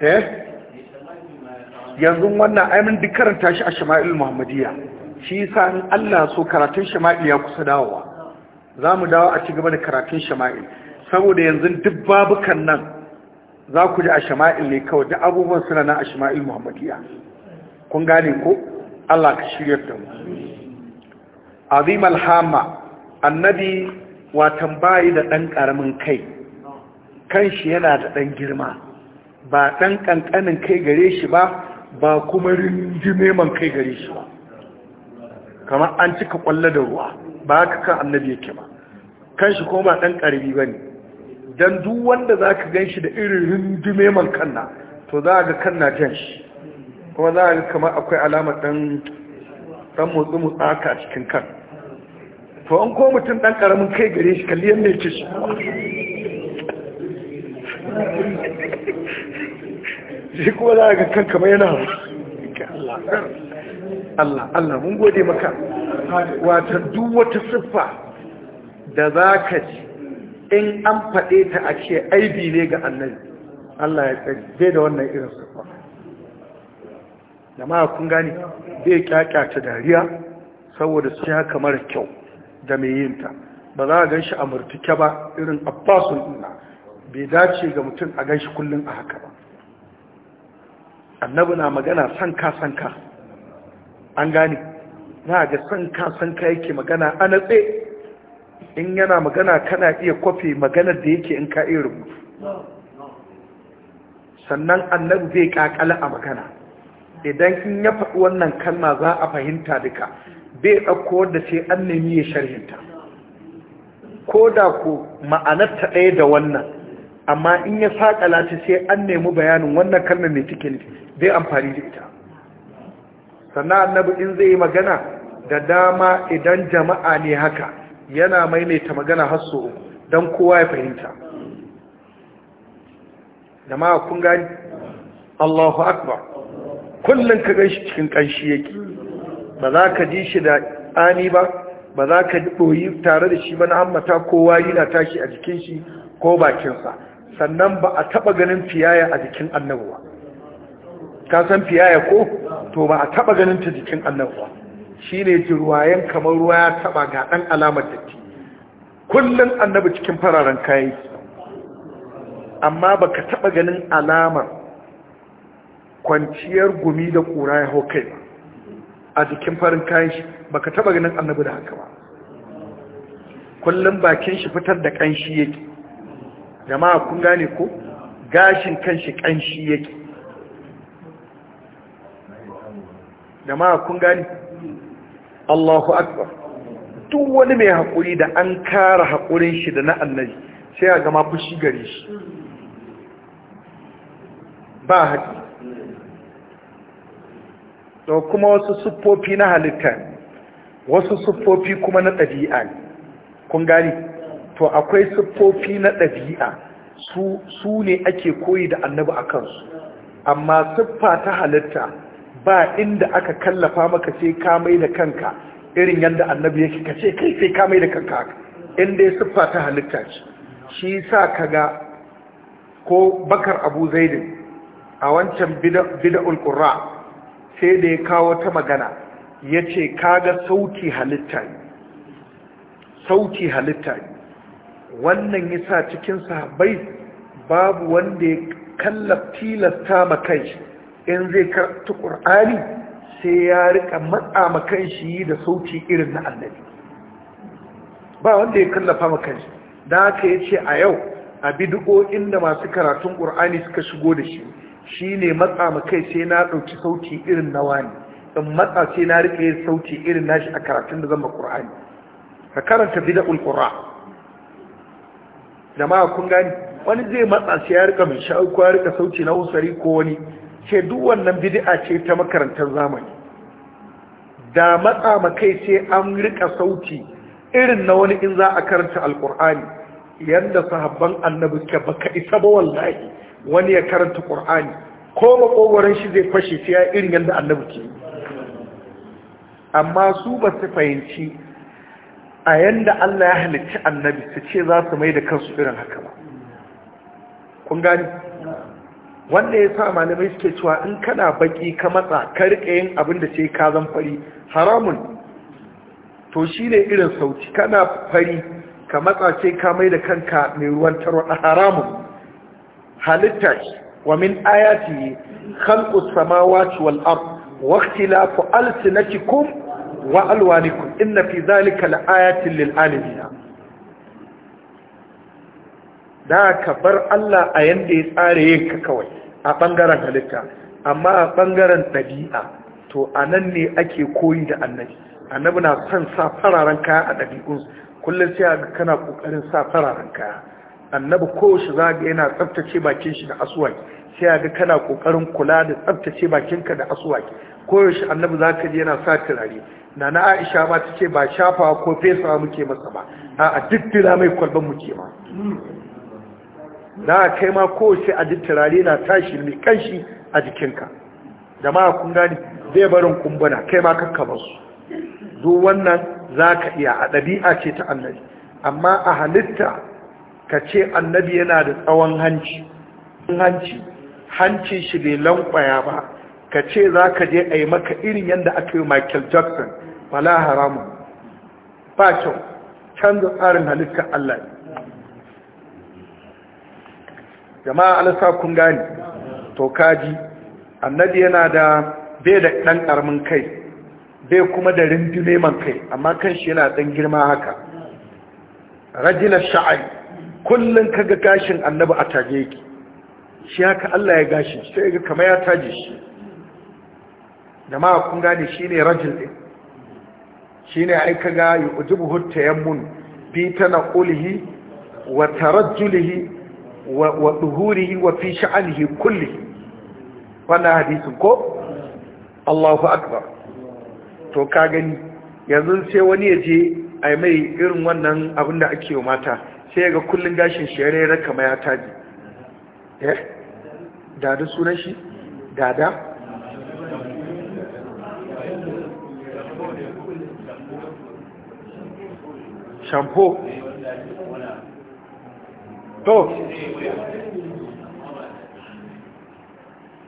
eh yanzu wannan aimin duk karanta shi a shama'il muhammadiyya shi yasa in Allah so karatun shama'il ya kusa dawowa za mu dawo a cigaba da karatun shama'il saboda yanzu duk babukan nan za ku ji a shama'il ne kawai da abubuwan suna na a shama'il muhammadiyya kun gane ko Allah ka shirya da mu azim alhama annabi wa tambayi da dan karamin kai kanshi yana da ɗan girma ba ɗan ƙanƙanin kai gare shi ba ba kuma rinjime man kai gare shi ba kamar an cika ƙwallo da ruwa ba haka kan annabi yake ba kanshi kuma ba ɗan ƙarfi ba ne don duk wanda za ka gan shi da irin rinjime man kanna to za a ga kanna jan shi kuma za a ga kamar akwai alamar ɗan motsi-motsi haka a cikin kan to an ko mutum ɗan ƙaramin kai gare shi kalli yadda yake shi shi kuma za ga kan kama yana Allah Allah mun gode maka wata duk wata siffa da za ka ji in an faɗe ta a ce aibi ne ga annabi Allah ya tsari zai da wannan irin siffa jama'a kun gani zai kyakya dariya saboda su haka mara kyau da mai yinta ba za a gan shi a murtuke ba irin abbasun ina bai dace ga mutum a ganshi kullum a haka ba annabi na magana sanka-sanka an gane na ga sanka-sanka yake magana a natse in yana magana kana iya kwafe maganar da yake in ka rubutu sannan annabi zai kakala a magana idan in ya faɗi wannan kalma za a fahimta duka bai ɗauko wadda sai an nemi ya sharhinta ko da ku ma'anarta ɗaya da wannan amma in ya sa ta sai an nemi bayanin wannan kalmar mai take ne zai amfani da ita sannan annabi in zai yi magana da dama idan jama'a ne haka yana maimaita magana har so don kowa ya fahimta jama'a kun gani Allahu akbar kullum ka gan cikin ƙanshi yake ba za ka ji shi da ani ba ba za ka ji tare da shi ba na hammata kowa yana tashi a jikin shi ko bakinsa sannan ba a taba ganin fiyaya a jikin annabuwa ba ka san fiyaya ko to ba a taba ganin ta jikin Shi ne ji ruwayen kamar ruwa ya taba ga dan alamar datti kullun annabi cikin fararen kayi amma baka taba ganin alamar kwanciyar gumi da kura ya hau kai a jikin farin kayan shi baka taba ganin annabi da haka ba kullum bakin shi fitar da kanshi yake jama'a kun gane ko gashin kanshi kanshi yake jama'a kun gane Allahu akbar duk wani mai haƙuri da an kara haƙurin shi da na annabi sai a gama fushi gare shi ba haƙi da kuma wasu suffofi na halitta wasu suffofi kuma na ɗabi'a kun gane. to akwai siffofi na ɗabi'a su ne ake koyi da annabi a kansu amma siffa ta halitta ba inda aka kallafa maka sai ka mai da kanka irin yadda annabi yake ka ce kai sai ka mai da kanka haka inda siffa ta halitta ce shi sa ka ga ko bakar abu zaidin a wancan bida'ul ƙura sai da ya kawo ta magana ya ce ga sauti halitta sauti halitta ne wannan yasa cikin sahabbai babu wanda ya kallaf tilasta shi. in zai karatu qur'ani sai ya rika matsa makan shi da sauti irin na annabi ba wanda ya kallafa makan shi da haka yace a yau a bid'o'in da masu karatun qur'ani suka shigo da shi shine matsa makai sai na ɗauki sauti irin na wani in matsa sai na rike sauti irin nashi a karatun da zan ba qur'ani ka karanta bid'ul qur'an jama'a kun gani wani zai matsa shi ya rika mai sha'u ko ya rika sauci na usari ko wani ce duk wannan bid'a ce ta makarantar zamani da matsa ma kai sai an rika sauti irin na wani in za a karanta alkur'ani yanda sahabban annabi ke baka isa ba wallahi wani ya karanta qur'ani ko makogoran shi zai fashe sai irin yanda annabi ke amma su ba su fahimci a yanda Allah ya halitta annabi su ce za su mai da kansu irin haka ba kun gani wanda ya sa malamai suke cewa in kana baki ka matsa ka rike yin abin da sai ka zan fari haramun to shi ne irin sauti kana fari ka matsa sai ka mai da kanka mai ruwan a haramun halitta wa min ayati khalqus samawati wal ard wa ikhtilafu alsinatikum wa alwanikum inna fi zalika laayatin lil alamin da ka bar Allah a yanda ya tsare ka kawai a bangaren halitta amma a bangaren dabi'a to anan ne ake koyi da annabi annabi na san sa fararen kaya a dabi'un kullum sai ga kana kokarin sa fararen kaya annabi ko shi zaga yana tsaftace bakin shi da aswaki sai ga kana kokarin kula da tsaftace bakinka da aswaki koyaushe annabi zaka ka ji yana sa turare na na aisha ba ta ce ba shafa ko fesa muke masa ba a dittira mai kwalban muke ma na kai ma kowace a ne na tashi mai kanshi a jikinka jama'a kun gani zai barin kumbuna kai ma ba su duk wannan za ka iya a ɗabi'a ce ta annabi amma a halitta ka ce annabi yana da tsawon hanci hanci hanci shi bai lankwaya ba ka ce za ka je a yi maka irin yadda aka yi michael jackson fala haramu ba kyau canza tsarin halittar Allah jama'a alasa kun gani to kaji annabi yana da bai da ɗan ƙarmin kai bai kuma da rindume man kai amma kan shi yana ɗan girma haka rajina sha'ai kullum kaga gashin annabi a taje yake shi haka Allah ya gashi sai ga kamar ya taje shi jama'a kun gane ne rajin ɗin. shine ai kaga yujibu tayammun fi tanaqulihi wa tarajjulihi wa duhurihi wa fi sha'anihi kulli? wannan hadisin ko Allahu akbar to ka gani yanzu sai wani ya je ai mai irin wannan abin da ake yi mata sai ga kullun gashin shi ya kama ya taji eh dadu sunan shi dada shampo to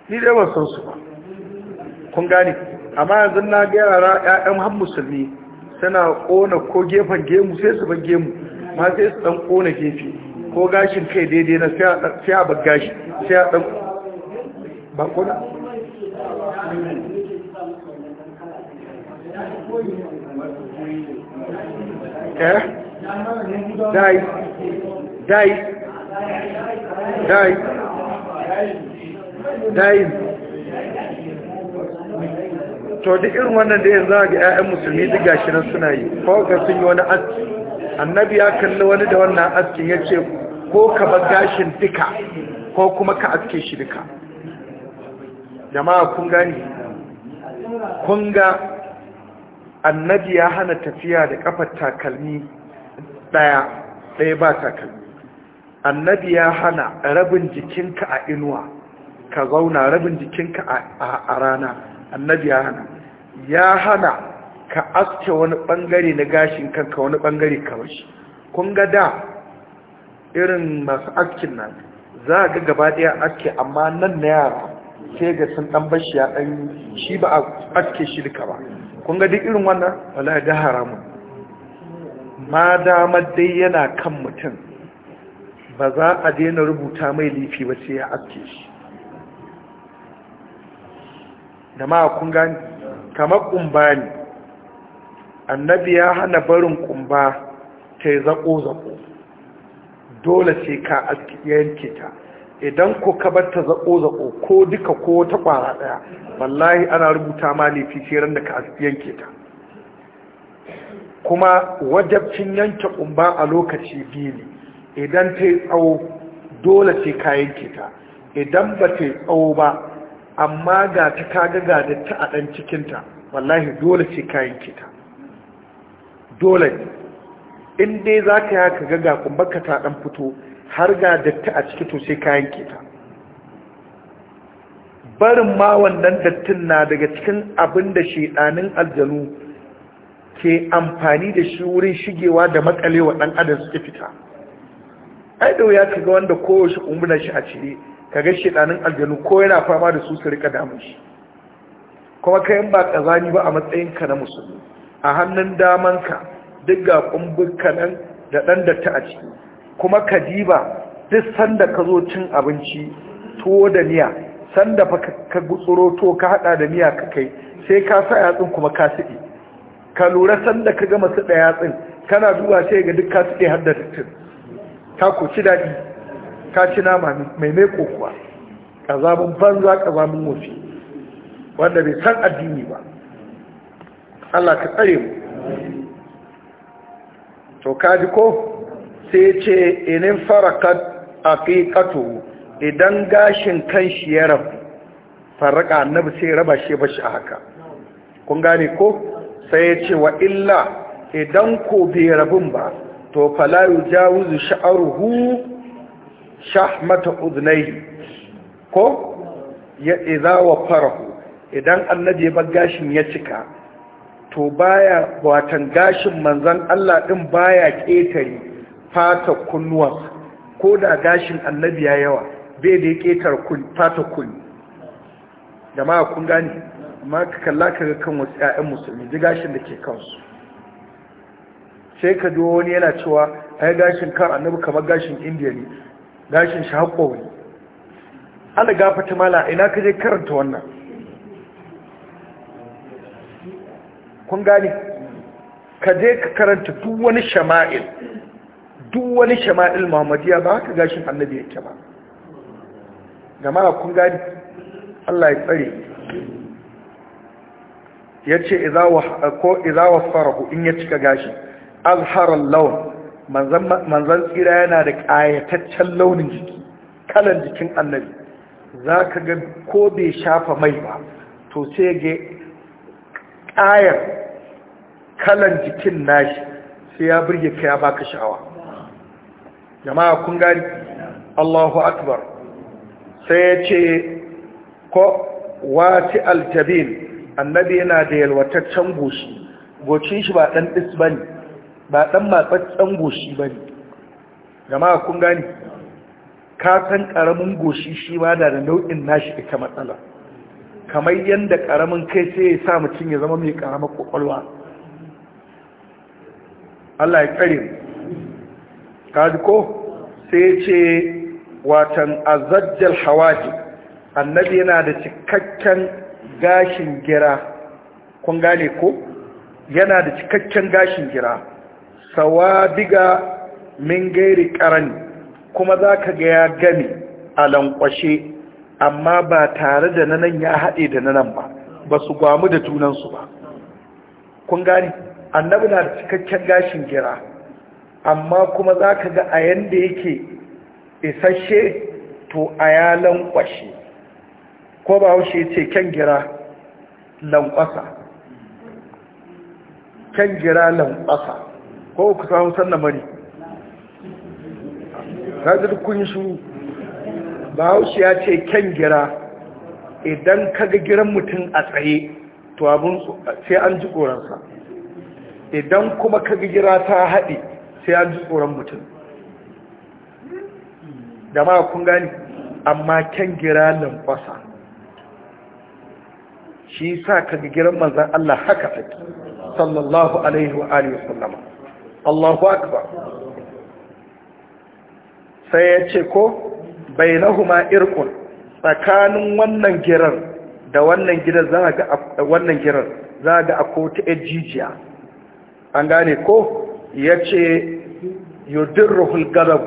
ni dai ban san su ba kun gane amma yanzu na ga yara ƴaƴan har musulmi suna kona ko gefen gemu sai su ban gemu ma sai su dan kona gefe ko gashin kai daidai na sai a ban gashi sai a dan ba kona eh dai dai dai dai to duk irin wannan da yanzu ga 'ya'yan musulmi duk gashi nan suna yi ko ka sun yi wani aski annabi ya kalli wani da wannan askin ya ce ko ka bar gashin duka ko kuma ka aske shi duka jama'a kun gani kun ga annabi ya hana tafiya da kafar takalmi daya daya ba takalmi annabi ya hana rabin jikinka a inuwa ka zauna rabin jikinka a rana annabi ya hana ya hana ka aske wani bangare na gashin kanka wani bangare kawai kun ga da irin masu askin nan za a ga gaba daya aske amma nan na yara sai ga sun dan bashi ya dan shi ba a aske shi duka ba kun ga duk irin wannan wallahi da haramun ma da dai yana kan mutum ba za a daina rubuta mai lifi ba sai ya aske shi da ma kun ga kamar kumba ne annabi ya hana barin kumba ta yi zako-zako dole sai ka yanke ta idan ko ka ta zako zako ko duka ko ta kwara daya wallahi ana rubuta ma laifi sai da ka yanke ta kuma wajabcin yanke kumba a lokaci biyu ne idan ta yi tsawo dole ce ka yanke ta idan ba ta yi tsawo ba amma ga ta kaga ga da ta a ɗan cikinta wallahi dole ce ka yanke ta dole in dai za ka yaka ga ga ka ta ɗan fito har ga datti a ciki to sai kayan keta barin ma wannan dattin na daga cikin abin da shedanin aljanu ke amfani da shi wurin shigewa da makalewa ɗan adam suke fita ai da wuya kaga wanda kowace umurna shi a cire kaga shedanin aljanu ko yana fama da su su rika damun shi kuma kayan ba kazani ba a matsayinka na musulmi a hannun damanka duk ga kumbuka da ɗan datta a ciki kuma ka diba duk sanda ka zo cin abinci tuwo da miya sanda fa ka gutsuro to ka hada da miya ka kai sai ka sa yatsun kuma ka siɗi ka lura sanda ka gama siɗa yatsun kana duba sai ga duk ka siɗi har da dattin ka ku ci daɗi ka ci nama mai mai kokuwa ƙazamin banza ƙazamin wofi wanda bai san addini ba Allah ka tsare mu to ka ji ko sai ce inin farakat aqiqatu idan gashin kan shi ya rabu faraka annabi sai raba shi bashi a haka kun gane ko sai ya ce wa illa idan ko bai rabin ba to fala jawuzu sha shahmata uzunai ko ya idza wa farahu idan annabi ya bar gashin ya cika to baya watan gashin manzon Allah ɗin baya ƙetare. fata kunnuwa ko da gashin annabi ya yawa bai da ya ketar fata kunni jama'a kun gani amma ka kalla ka ga kan wasu 'ya'yan musulmi ji gashin da ke kansu sai ka duwa wani yana cewa ai gashin kan annabi kamar gashin indiya ne gashin shi haƙo ne ala gafa ta mala ina ka je karanta wannan kun gane ka je ka karanta duk wani shama'il duk wani shama'il ya ba haka gashin annabi yake ba gama kun gani Allah ya tsare ya ce izawa farahu in ya cika gashi azharar laun manzan tsira yana da ƙayataccen launin jiki kalan jikin annabi za ka ga ko bai shafa mai ba to sai ga ƙayar kalan jikin nashi sai ya birge ka ya baka sha'awa jama'a kun gari Allahu akbar sai ya ce ko wati altabin annabi yana da yalwataccen goshi gocin shi ba dan dis bane ba dan matsatsen goshi bane jama'a kun gani ka san karamin goshi shi ma da nau'in nashi ita matsala kamar yadda karamin kai sai ya sa mutum ya zama mai karama ƙwaƙwalwa. Allah ya kare ji ko sai ce watan azajjal hawaji annabi yana da cikakken gashin gira kun gane ko yana da cikakken gashin gira sawadiga min gairi karani kuma za ka ga ya gani a lankwashe amma ba tare da nanan ya haɗe da nanan ba ba su gwamu da junansu ba kun gane annabi na da cikakken gashin gira amma kuma za ka ga a yanda yake isasshe to a ya lankwashe ko ba haushe ce kyan gira lankwasa kyan gira lankwasa ko ku sa hausar na mari ƙazir kun shi ba haushe ya ce kyan gira idan ga giran mutum a tsaye to abin sai an ji ƙoransa idan kuma ga gira ta haɗe sai ya ji tsoron mutum da ma kun gani amma kyan gira kwasa. shi sa ka ga giran manzan Allah haka take sallallahu alaihi wa alihi wa sallama Allahu akbar sai ya ce ko bai ma irkun tsakanin wannan giran da wannan gidan za ga wannan girar za ga akota ejijiya an gane ko Ya ce. yudirruhul gadab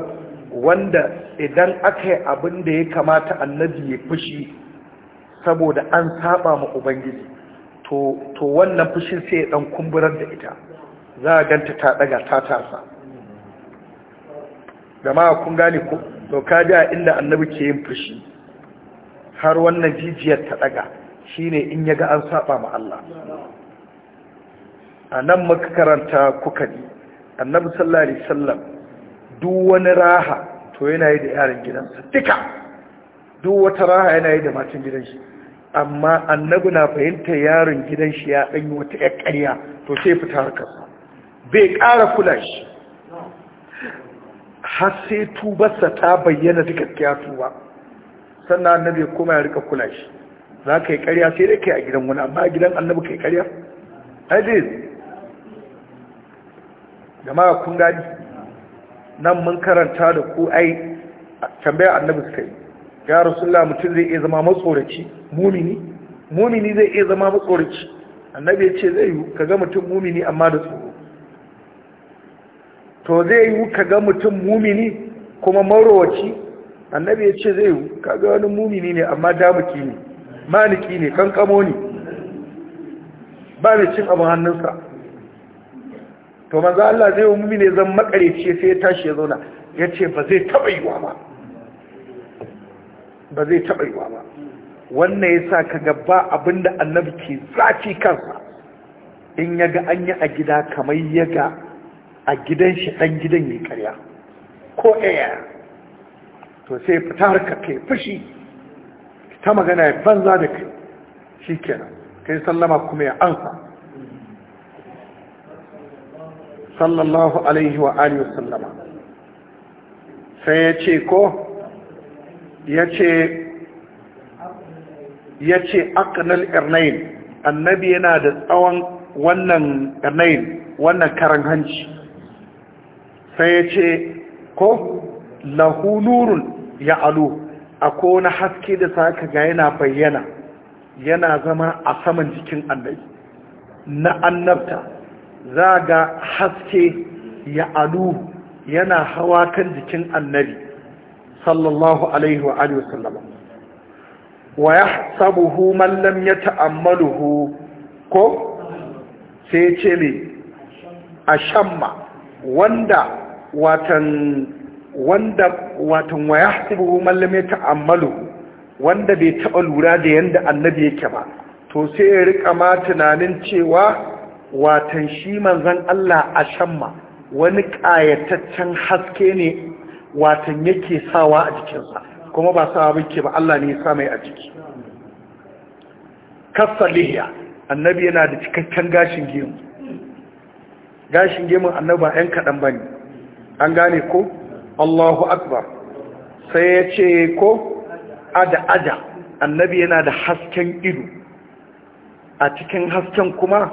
wanda idan aka yi abin da ya kamata annabi ya fushi saboda an saba ma ubangiji to wannan fushin sai ya dan kumburar da ita za a ganta ta daga ta tasa jama'a kun gane ku. to ka ji inda annabi ke yin fushi har wannan jijiyar ta daga shine in ya ga an saba ma Allah a nan muka karanta kuka ne annabi sallallahu alaihi wasallam duk wani raha to yana yi da yaran gidansa duka duk wata raha yana yi da matan gidan shi amma annabi na fahimta yaran gidan shi ya yi wata ƴar ƙarya to sai fita harkarsa bai ƙara kula shi har sai tubarsa ta bayyana duka gaskiya tuba sannan annabi kuma ya rika kula shi za ka yi ƙarya sai dai kai a gidan wani amma a gidan annabi ka yi ƙarya? ai dai ma kun gani nan mun karanta da ku ai tambayar annabi suka yi ya rasulullah mutum zai iya zama matsoraci mumini mumini zai iya zama matsoraci annabi ya ce zai yi kaga mutum mumini amma da tsoro to zai yi kaga mutum mumini kuma marowaci annabi ya ce zai yi kaga wani mumini ne amma damuki ne maniki ne kankamo ne ba mai cin abin hannunsa to manzo Allah zai ummi ne zan ce sai ya tashi ya zauna yace ba zai taba yiwa ba ba zai taba yiwa ba wannan yasa kaga ba abinda annabi ke zaci kansa in yaga an yi a gida kamar yaga a gidan shi dan gidan ya karya ko ɗaya to sai fita harka kai fushi ta magana ya banza da kai shi kenan kai sallama kuma ya ansa sallallahu alaihi wa alihi sallama sai ya ce ko ya ce ya ce irnain annabi yana da tsawon wannan irnain wannan karan hanci sai ya ce ko lahu ya alu a kona haske da saka ga yana bayyana yana zama a saman jikin annabi na annabta za ga haske ya alu yana hawa kan jikin annabi sallallahu alaihi wa alihi wasallam wa yahsabuhu man lam yata'ammaluhu ko sai ce ne ashamma wanda watan wanda watan wa yahsabuhu man lam yata'ammaluhu wanda bai taɓa lura da yanda annabi yake ba to sai ya rika ma tunanin cewa watan shi manzan Allah a shamma wani ƙayataccen haske ne watan yake sawa a jikinsa kuma ba sawa bike ba Allah ne ya sa mai a jiki kasa lihiya annabi yana da cikakken gashin gemu gashin gemun annabi ba 'yan kaɗan ba ne an gane ko Allahu akbar sai ya ce ko ada ada annabi yana da hasken ido a cikin hasken kuma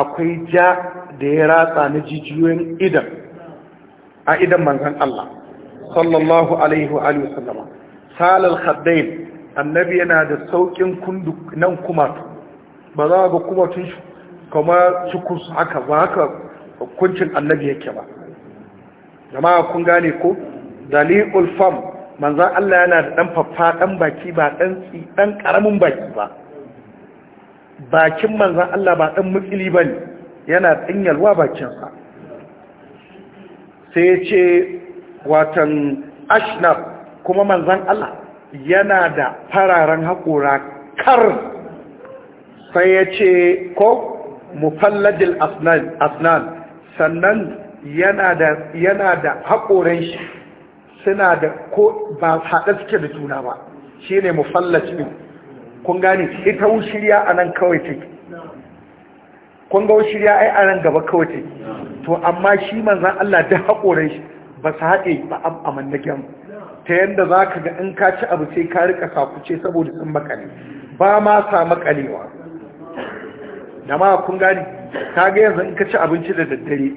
akwai ja da ya ratsa na jijiyoyin idan a idan manzan Allah sallallahu alaihi wa sallama salal khaddain annabi yana da saukin kundu nan kumatu ba za ga tun shi kuma cikus haka ba haka hukuncin annabi yake ba jama'a kun gane ko dalilul fam manzan Allah yana da dan faffa dan baki ba dan tsi dan karamin baki ba bakin manzan Allah ba ɗan mutsili ba ne yana tsinyalwa bakinsa sai ce watan ashnaf kuma manzan Allah yana da fararen haƙora kar sai ya ce ko mufalladil asnan sannan yana da haƙoran shi suna da ko ba haɗa suke da juna ba shi ne mufallacin kun gani ita wushiriya a nan kawai take kun ga wushiriya ai a nan gaba kawai take to amma shi manzan Allah da haƙorai ba su haɗe ba a mannagen ta yadda za ka ga in ka ci abu sai ka rika sakuce saboda sun makale ba ma sa makalewa da ma kun gani ka ga yanzu in ka ci abinci da daddare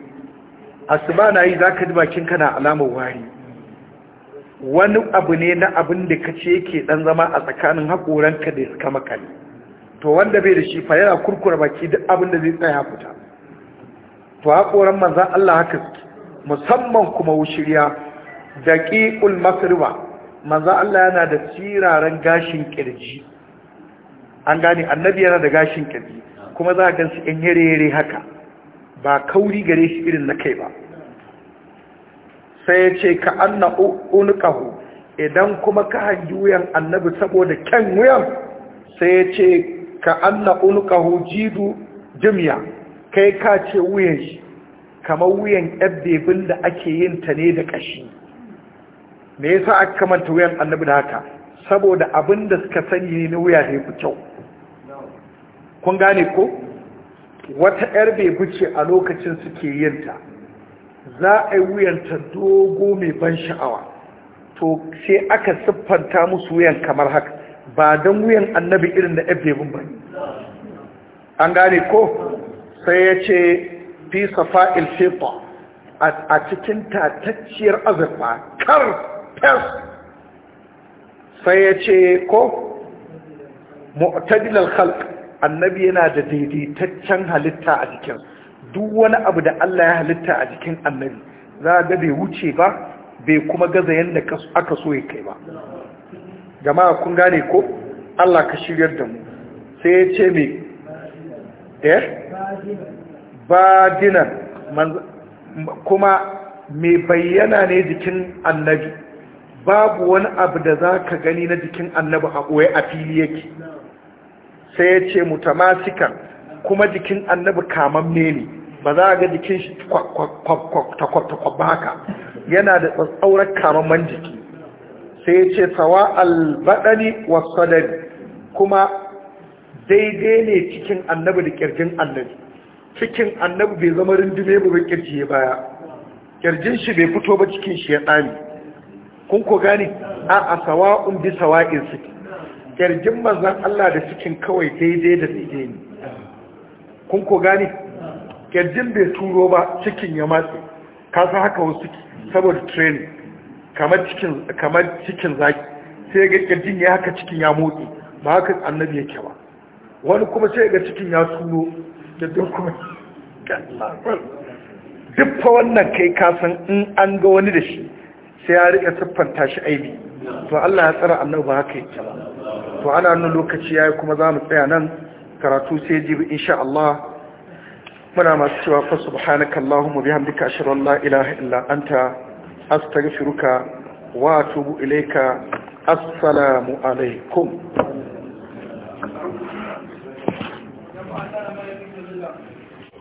asuba na yi za ka ji bakinka na alamar wari wani abu ne na abin da ka ce ke ɗan zama a tsakanin haƙoranka da suka makale to wanda bai da shi fa yana kurkura baki duk abin da zai tsaya fita to haƙoran manzan Allah haka suke musamman kuma wushiriya da ƙiƙul masriba manzan Allah yana da tsiraren gashin ƙirji an gane annabi yana da gashin ƙirji kuma za a gansu ƴan yare-yare haka ba kauri gare shi irin na kai ba sai ya ce ka anna unukahu idan kuma ka hangi wuyan annabi saboda kyan wuyan sai ya ce ka na unukahu jidu jimya kai ka ce wuyan shi kamar wuyan ɗabbebin da ake yin ta ne da ƙashi me yasa aka kamanta wuyan annabi da haka saboda abin da suka sani ne na wuya ne ku kyau kun gane ko wata yar bebu ce a lokacin suke yin ta. za a yi wuyanta dogo mai ban sha'awa to sai aka siffanta musu wuyan kamar haka ba don wuyan annabi irin da ebebin ba an gane ko sai ya ce fi safa ilfita a cikin tatacciyar azurfa kar fes sai ya ce ko mu'tadilal khalq annabi yana da daidaitaccen halitta a jikinsa duk wani abu da Allah ya halitta a jikin annabi za ga bai wuce ba bai kuma gaza yadda aka so ya kai ba jama'a kun gane ko Allah ka shiryar da mu sai ya ce mai eh badinan kuma mai bayyana ne jikin annabi babu wani abu da za ka gani na jikin annabi a ɓoye a fili yake sai ya ce mutamasikan kuma jikin annabi ne ne ba za a ga jikin shi takwatakwa ba haka yana da tsatsaurar karaman jiki sai ya ce sawa albaɗani wasu kuma daidai ne cikin annabi da ƙirjin annabi cikin annabi bai zama rindume ba bai ƙirji ya baya ƙirjin shi bai fito ba cikin shi ya ɗani kun ku gane a a sawa'un bi sawa'in suke ƙirjin mazan Allah da cikin kawai daidai da daidai ne kun ku gane kirjin bai turo ba cikin ya matse ka san haka wasu saboda training kamar cikin kamar cikin zaki sai ga kirjin ya haka cikin ya motsi ba haka annabi ya kyawa wani kuma sai ga cikin ya turo kirjin kuma duk fa wannan kai ka san in an ga wani da shi sai ya rika siffanta shi aibi to Allah ya tsara annabi ba haka yake ba to ana nuna lokaci yayi kuma za mu tsaya nan karatu sai jibi insha Allah muna masu cewa fa subhanaka allahumma bihamdika ashhadu an la ilaha illa anta astaghfiruka wa atubu ilayka assalamu alaikum